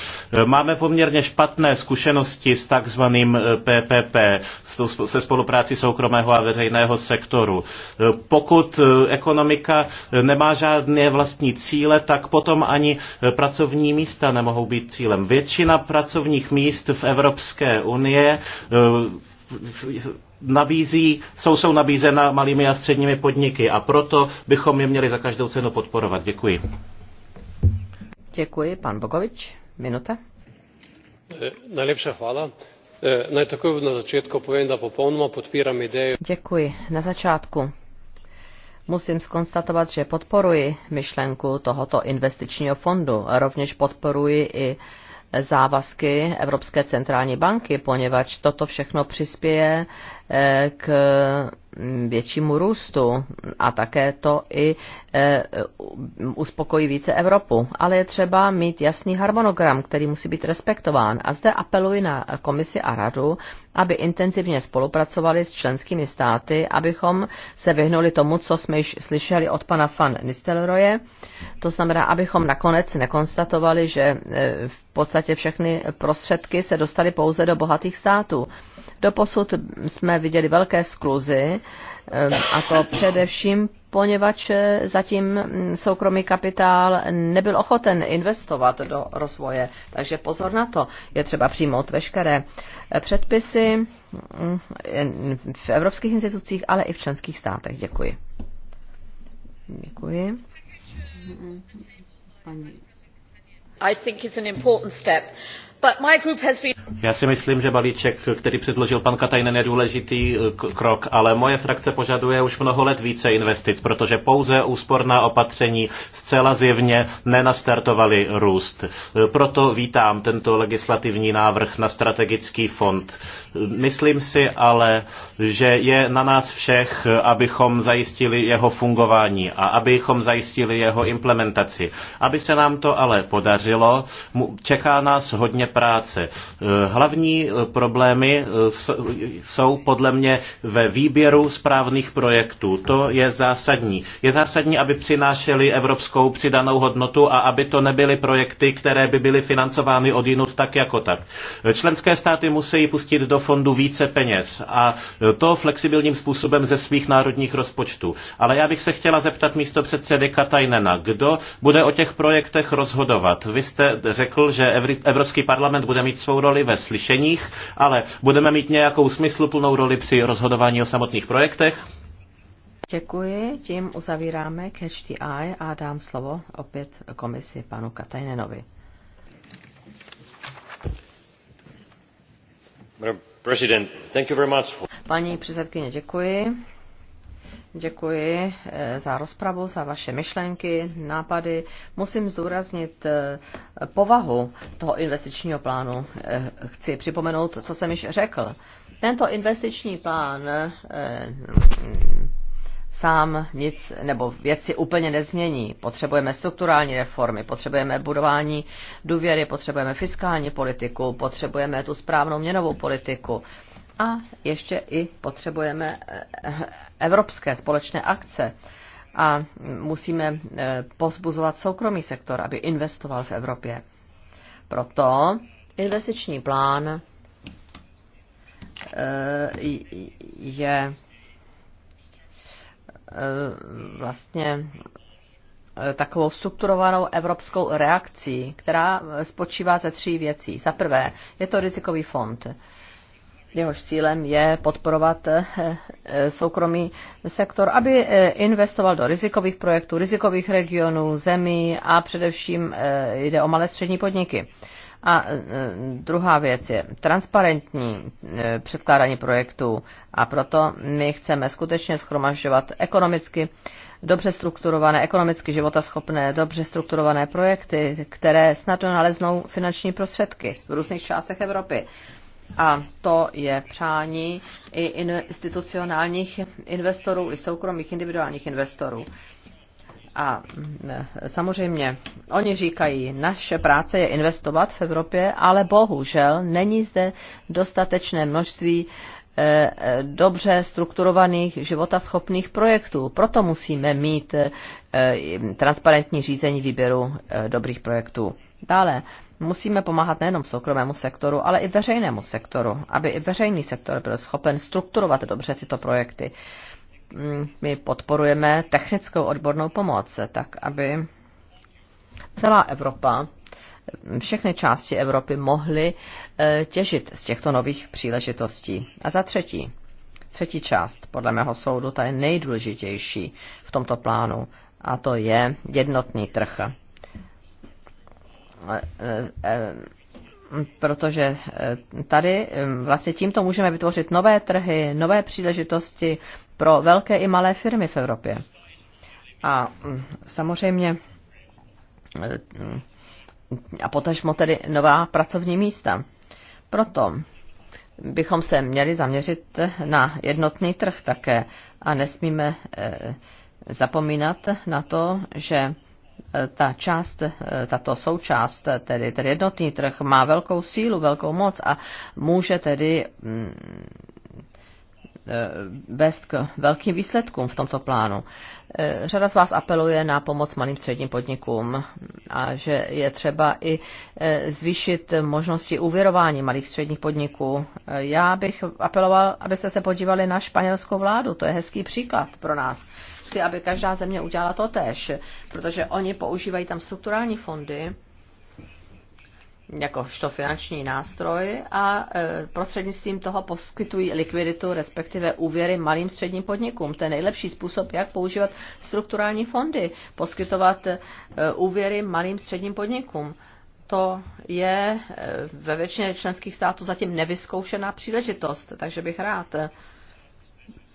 máme poměrně špatné zkušenosti s takzvaným PPP, se spolupráci soukromého a veřejného sektoru. Pokud ekonomika nemá žádné vlastní cíle, tak potom ani pracovní místa nemohou být cílem. Většina pracovních míst v Evropské unie nabízí, jsou, jsou nabízena malými a středními podniky a proto bychom je měli za každou cenu podporovat. Děkuji. Děkuji. Pan Bogovič, minuta. Eh, najlepša chvála. Eh, naj na začátku povím, že popolnoma podpírám ideju. Děkuji. Na začátku musím skonstatovat, že podporuji myšlenku tohoto investičního fondu. Rovněž podporuji i závazky Evropské centrální banky, poněvadž toto všechno přispěje eh, k mm, většímu růstu a také to i eh, uspokojí více Evropu. Ale je třeba mít jasný harmonogram, který musí být respektován. A zde apeluji na komisi a radu, aby intenzivně spolupracovali s členskými státy, abychom se vyhnuli tomu, co jsme již slyšeli od pana Van Nistelroje. To znamená, abychom nakonec nekonstatovali, že v eh, podstatě všechny prostředky se dostaly pouze do bohatých států. Doposud jsme viděli velké skluzy, eh, a to především, poněvadž eh, zatím mm, soukromý kapitál nebyl ochoten investovat do rozvoje. Takže pozor na to, je třeba přijmout veškeré eh, předpisy mm, v evropských institucích, ale i v členských státech. Děkuji. Děkuji. Paní i think is an important step. Já si myslím, že balíček, který předložil pan Katajnen, je důležitý eh, krok, ale moje frakce požaduje už mnoho let více investic, protože pouze úsporná opatření zcela zjevně nenastartovaly růst. Eh, proto vítám tento legislativní návrh na strategický fond. Eh, myslím si ale, že je na nás všech, abychom zajistili jeho fungování a abychom zajistili jeho implementaci. Aby se nám to ale podařilo, čeká nás hodně práce. Eh, hlavní eh, problémy eh, jsou podle mě ve výběru správných projektů. To je zásadní. Je zásadní, aby přinášeli evropskou přidanou hodnotu a aby to nebyly projekty, které by byly financovány odinut tak jako tak. Členské státy musí pustit do fondu více peněz a to flexibilním způsobem ze svých národních rozpočtů. Ale já bych se chtěla zeptat místo předsedy Katajnena, kdo bude o těch projektech rozhodovat? Vy jste řekl, že Evropský parlament parlament bude mít svou roli ve slyšeních, ale budeme mít nějakou smysluplnou roli při rozhodování o samotných projektech? Děkuji, tím uzavíráme Catch the Eye a dám slovo opět komisi panu Katajnenovi. Paní předsedkyně, děkuji Děkuji eh, za rozpravu, za vaše myšlenky, nápady. Musím zdůraznit eh, povahu toho investičního plánu. Eh, chci připomenout, co jsem již řekl. Tento investiční plán mm, sám nic nebo věci úplně nezmění. Potřebujeme strukturální reformy, potřebujeme budování důvěry, potřebujeme fiskální politiku, potřebujeme tu správnou měnovou politiku a ještě i potřebujeme evropské společné akce a musíme e, pozbuzovat soukromý sektor, aby investoval v Evropě. Proto investiční plán e, je e, vlastně takovou strukturovanou evropskou reakcí, která spočívá ze tří věcí. Za prvé, je to rizikový fond jehož cílem je podporovat eh, eh, soukromý sektor, aby eh, investoval do rizikových projektů, rizikových regionů, zemí a především jde o malé střední podniky. A druhá věc je transparentní předkládání projektů a proto my chceme skutečně schromažďovat ekonomicky dobře strukturované, ekonomicky životaschopné, dobře strukturované projekty, které snadno naleznou finanční prostředky v různých částech Evropy. A to je přání i institucionálních investorů, i soukromých individuálních investorů. A mm, samozřejmě, oni říkají, naše práce je investovat v Evropě, ale bohužel není zde dostatečné množství e, e, dobře strukturovaných životaschopných projektů. Proto musíme mít e, transparentní řízení výběru dobrých projektů. Dále musíme pomáhat nejenom soukromému sektoru, ale i veřejnému sektoru, aby i veřejný sektor byl schopen strukturovat dobře tyto projekty. Mm, my podporujeme technickou odbornou pomoc, tak aby celá Evropa, všechny části Evropy mohly eh, těžit z těchto nových příležitostí. A za třetí, třetí část, podle mého soudu, ta je nejdůležitější v tomto plánu, a to je jednotný trh protože eh, tady eh, vlastně tímto můžeme vytvořit nové trhy, nové příležitosti pro velké i malé firmy v Evropě. A mm, samozřejmě eh, a potažmo tedy nová pracovní místa. Proto bychom se měli zaměřit na jednotný trh také a nesmíme zapomínat na to, že Eh, ta část, eh, tato součást, eh, tedy ten jednotný trh, má velkou sílu, velkou moc a může tedy mm, vést k velkým výsledkům v tomto plánu. Řada z vás apeluje na pomoc malým středním podnikům a že je třeba i zvýšit možnosti uvěrování malých středních podniků. Já bych apeloval, abyste se podívali na španělskou vládu, to je hezký příklad pro nás chci, aby každá země udělala to tež, protože oni používají tam strukturální fondy jakožto finanční nástroj a e, prostřednictvím toho poskytují likviditu, respektive úvěry malým středním podnikům. To je nejlepší způsob, jak používat strukturální fondy, poskytovat e, úvěry malým středním podnikům to je e, ve většině členských států zatím nevyzkoušená příležitost, takže bych rád,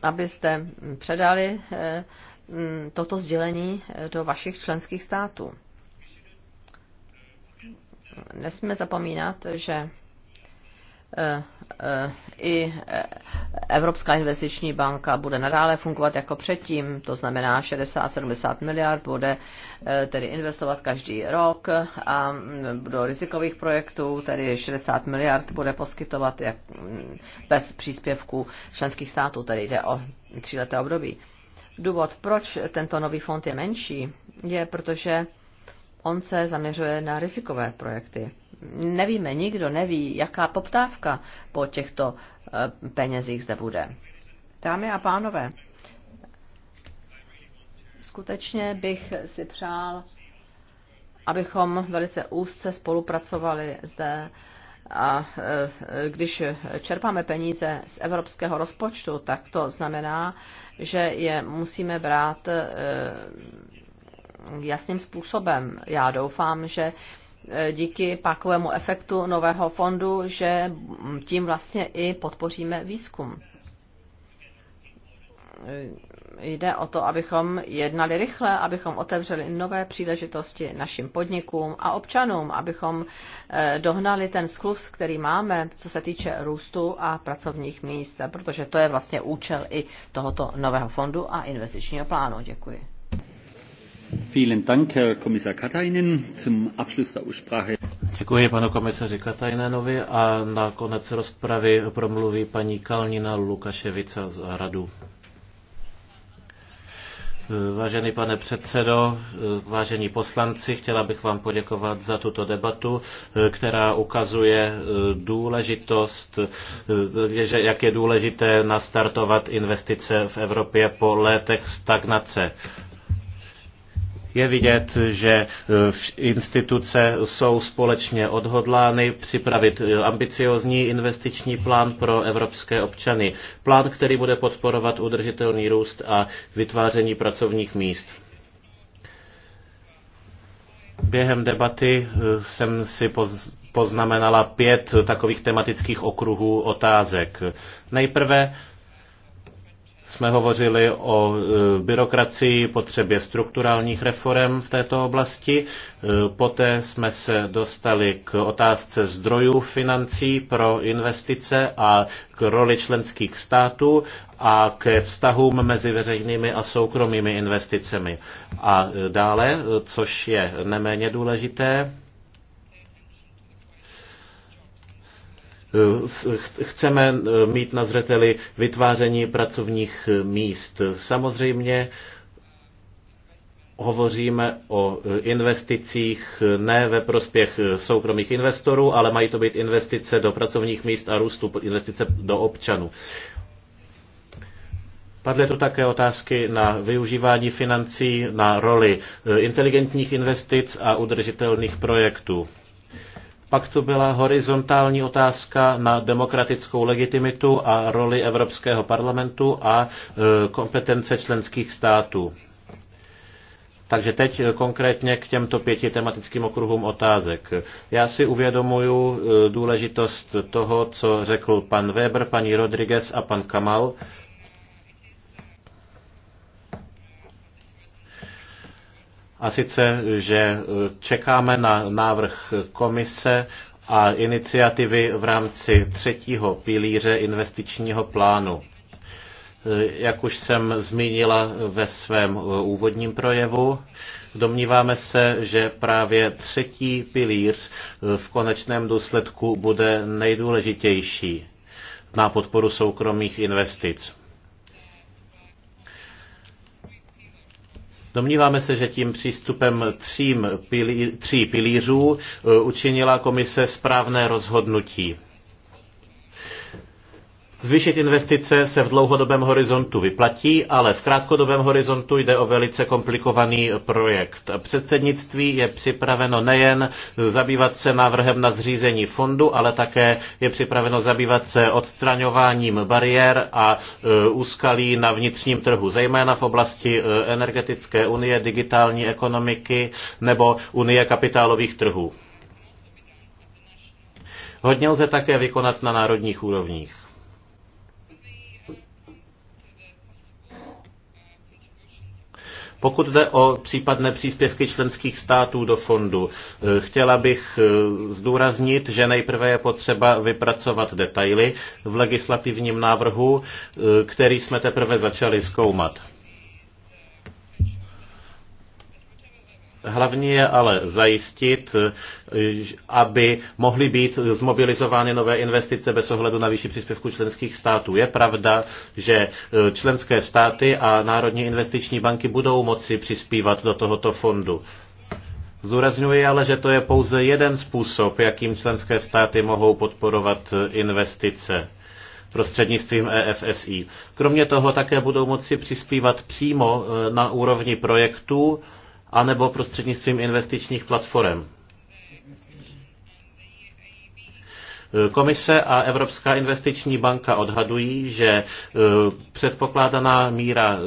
abyste předali eh, mm, toto sdělení eh, do vašich členských států. Nesmíme zapomínat, že Eh, eh, i eh, Evropská investiční banka bude nadále fungovat jako předtím, to znamená 60-70 miliard bude tedy investovat každý rok a mm, do rizikových projektů tedy 60 miliard bude poskytovat jak mm, bez příspěvků členských států, tedy jde o tříleté období. Důvod, proč tento nový fond je menší, je protože on se zaměřuje na rizikové projekty. Nevíme, nikdo neví, jaká poptávka po těchto eh, penězích zde bude. Dámy a pánové, skutečně bych si přál, abychom velice úzce spolupracovali zde a eh, když čerpáme peníze z evropského rozpočtu, tak to znamená, že je musíme brát eh, jasným způsobem. Já doufám, že e, díky pákovému efektu nového fondu, že tím vlastně i podpoříme výzkum. E, jde o to, abychom jednali rychle, abychom otevřeli nové příležitosti našim podnikům a občanům, abychom e, dohnali ten sklus, který máme, co se týče růstu a pracovních míst, protože to je vlastně účel i tohoto nového fondu a investičního plánu. Děkuji. Děkuji panu komisaři Katajnenovi a na konec rozpravy promluví paní Kalnina Lukaševica z Radu. Vážený pane předsedo, vážení poslanci, chtěla bych vám poděkovat za tuto debatu, která ukazuje důležitost, že jak je důležité nastartovat investice v Evropě po letech stagnace. Je vidět, že e, instituce jsou společně odhodlány připravit e, ambiciozní investiční plán pro evropské občany. Plán, který bude podporovat udržitelný růst a vytváření pracovních míst. Během debaty e, jsem si poznamenala pět takových tematických okruhů otázek. Nejprve jsme hovořili o e, byrokracii, potřebě strukturálních reform v této oblasti. E, poté jsme se dostali k otázce zdrojů financí pro investice a k roli členských států a ke vztahům mezi veřejnými a soukromými investicemi. A e, dále, což je neméně důležité, chceme eh, mít na zřeteli vytváření pracovních eh, míst. Samozřejmě hovoříme o eh, investicích ne ve prospěch soukromých investorů, ale mají to být investice do pracovních míst a růstu, investice do občanů. Padly tu také otázky na využívání financí na roli inteligentních investic a udržitelných projektů. Pak tu byla horizontální otázka na demokratickou legitimitu a roli Evropského parlamentu a e, kompetence členských států. Takže teď e, konkrétně k těmto pěti tematickým okruhům otázek. Já si uvědomuji e, důležitost toho, co řekl pan Weber, paní Rodriguez a pan Kamal. A sice, že e, čekáme na návrh komise a iniciativy v rámci třetího pilíře investičního plánu. E, jak už jsem zmínila ve svém e, úvodním projevu, domníváme se, že právě třetí pilíř v konečném důsledku bude nejdůležitější na podporu soukromých investic. Domníváme se, že tím přístupem tří pilířů eh, učinila komise správné rozhodnutí. Zvýšit investice se v dlouhodobém horizontu vyplatí, ale v krátkodobém horizontu jde o velice komplikovaný projekt. Předsednictví je připraveno nejen zabývat se návrhem na zřízení fondu, ale také je připraveno zabývat se odstraňováním bariér a e, úskalí na vnitřním trhu, zejména v oblasti e, energetické unie, digitální ekonomiky nebo unie kapitálových trhů. Hodně lze také vykonat na národních úrovních. Pokud jde o případné příspěvky členských států do fondu, eh, chtěla bych eh, zdůraznit, že nejprve je potřeba vypracovat detaily v legislativním návrhu, eh, který jsme teprve začali zkoumat. Hlavní je ale zajistit, eh, aby mohly být zmobilizovány nové investice bez ohledu na vyšší příspěvku členských států. Je pravda, že eh, členské státy a národní investiční banky budou moci přispívat do tohoto fondu. Zdůrazňuji ale, že to je pouze jeden způsob, jakým členské státy mohou podporovat eh, investice prostřednictvím EFSI. Kromě toho také budou moci přispívat přímo na úrovni projektů anebo prostřednictvím investičních platform. Komise a Evropská investiční banka odhadují, že e, předpokládaná míra e,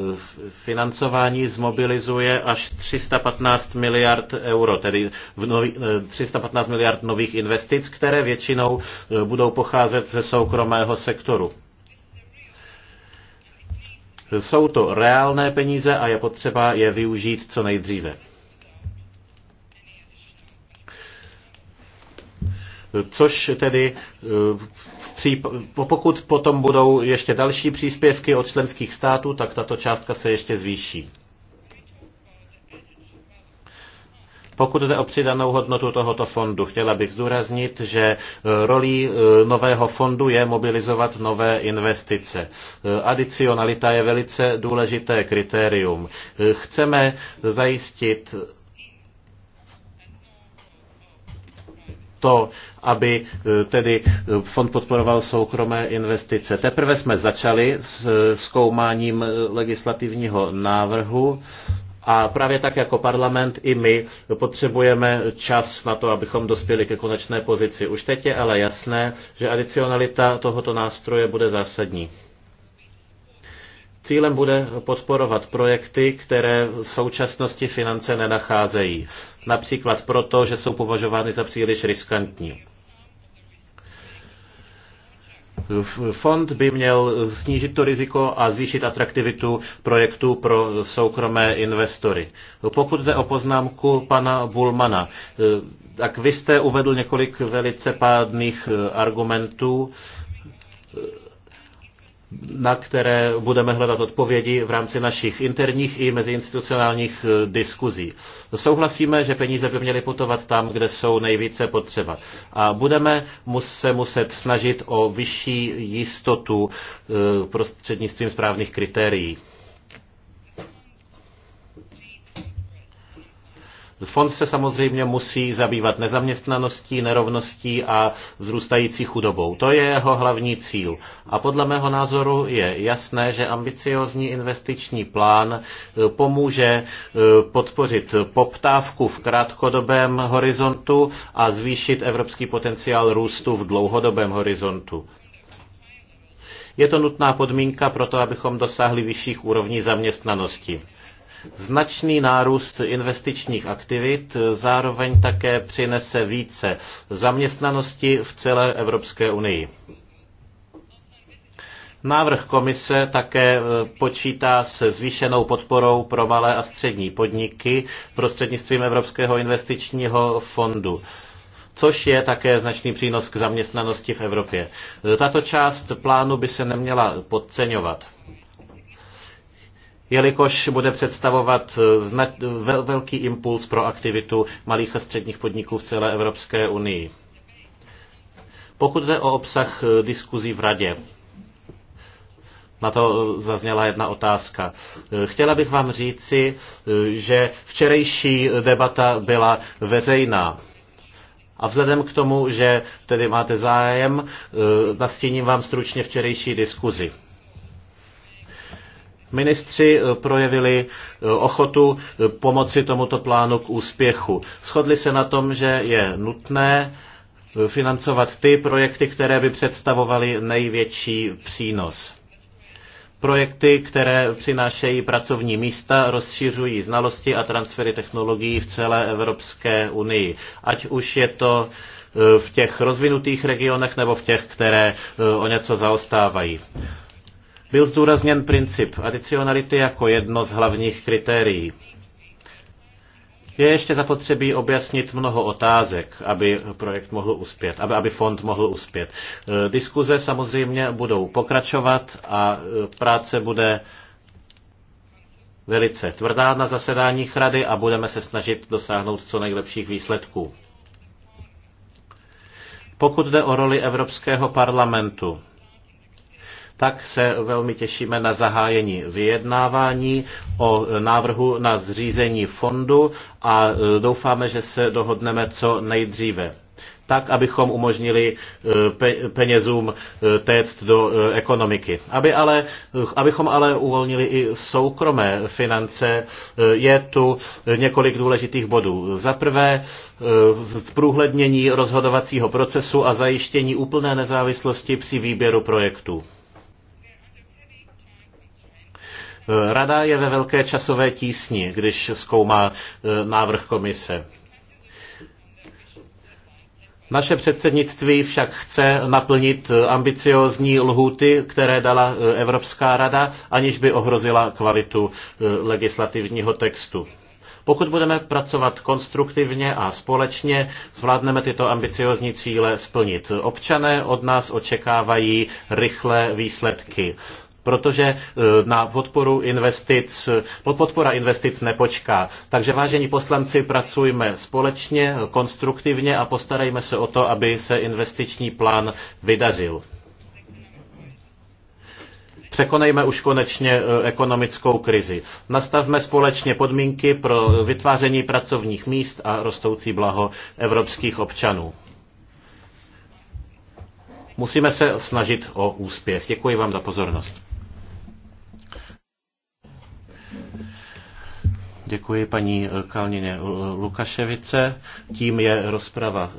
financování zmobilizuje až 315 miliard euro, tedy v nový, 315 e, miliard nových investic, které většinou budou pocházet ze soukromého sektoru. Jsou to reálné peníze a je potřeba je využít co nejdříve. Což tedy eh, pokud potom budou ještě další příspěvky od členských států, tak tato částka se ještě zvýší. Pokud jde o přidanou hodnotu tohoto fondu, chtěla bych zdůraznit, že e, rolí e, nového fondu je mobilizovat nové investice. E, adicionalita je velice důležité kritérium. Chceme zajistit to, aby tedy fond podporoval soukromé investice. Teprve jsme začali s zkoumáním legislativního návrhu a právě tak jako parlament i my potřebujeme čas na to, abychom dospěli ke konečné pozici. Už teď je ale jasné, že adicionalita tohoto nástroje bude zásadní. Cílem bude podporovat projekty, které v současnosti finance nenacházejí. Například proto, že jsou považovány za příliš riskantní. Fond by měl snížit to riziko a zvýšit atraktivitu projektů pro soukromé investory. Pokud jde o poznámku pana Bulmana, eh, tak vy jste uvedl několik velice pádných eh, argumentů na které budeme hledat odpovědi v rámci našich interních i meziinstitucionálních eh, diskuzí. Souhlasíme, že peníze by měly putovat tam, kde jsou nejvíce potřeba. A budeme se muset snažit o vyšší jistotu eh, prostřednictvím správných kritérií. Fond se samozřejmě musí zabývat nezaměstnaností, nerovností a vzrůstající chudobou. To je jeho hlavní cíl. A podle mého názoru je jasné, že ambiciozní investiční plán e, pomůže e, podpořit poptávku v krátkodobém horizontu a zvýšit evropský potenciál růstu v dlouhodobém horizontu. Je to nutná podmínka pro to, abychom dosáhli vyšších úrovní zaměstnanosti. Značný nárůst investičních aktivit zároveň také přinese více zaměstnanosti v celé Evropské unii. Návrh komise také e, počítá se zvýšenou podporou pro malé a střední podniky prostřednictvím Evropského investičního fondu což je také značný přínos k zaměstnanosti v Evropě. E, tato část plánu by se neměla podceňovat jelikož bude představovat eh, velký impuls pro aktivitu malých a středních podniků v celé Evropské unii. Pokud jde o obsah eh, diskuzí v Radě, na to eh, zazněla jedna otázka. Chtěla bych vám říci, že včerejší debata byla veřejná. A vzhledem k tomu, že tedy máte zájem, nastíním vám stručně včerejší diskuzi. Ministři eh, projevili eh, ochotu eh, pomoci tomuto plánu k úspěchu. Shodli se na tom, že je nutné financovat ty projekty, které by představovaly největší přínos projekty, které přinášejí pracovní místa, rozšiřují znalosti a transfery technologií v celé Evropské unii. Ať už je to v těch rozvinutých regionech nebo v těch, které o něco zaostávají. Byl zdůrazněn princip adicionality jako jedno z hlavních kritérií. Je ještě zapotřebí objasnit mnoho otázek, aby projekt mohl uspět, aby, aby fond mohl uspět. E, diskuze samozřejmě budou pokračovat a e, práce bude velice tvrdá na zasedáních rady a budeme se snažit dosáhnout co nejlepších výsledků. Pokud jde o roli Evropského parlamentu, tak se velmi těšíme na zahájení vyjednávání o návrhu na zřízení fondu a e, doufáme, že se dohodneme co nejdříve tak, abychom umožnili e, penězům e, téct do ekonomiky. Aby ale, abychom ale uvolnili i soukromé finance, je tu několik důležitých bodů. Za prvé, zprůhlednění rozhodovacího procesu a zajištění úplné nezávislosti při výběru projektů. Rada je ve velké časové tísni, když zkoumá e, návrh komise. Naše předsednictví však chce naplnit e, ambiciozní lhuty, které dala e, Evropská rada, aniž by ohrozila kvalitu legislativního textu. Pokud budeme pracovat konstruktivně a společně, zvládneme tyto ambiciozní cíle splnit. Občané od nás očekávají rychlé výsledky protože eh, na podporu investic, podpora investic nepočká. Takže vážení poslanci, pracujme společně, konstruktivně a postarejme se o to, aby se investiční plán vydařil. Překonejme už konečně eh, ekonomickou krizi. Nastavme společně podmínky pro vytváření pracovních míst a rostoucí blaho evropských občanů. Musíme se snažit o úspěch. Děkuji vám za pozornost. Děkuji paní Kalnině Lukaševice. Tím je rozprava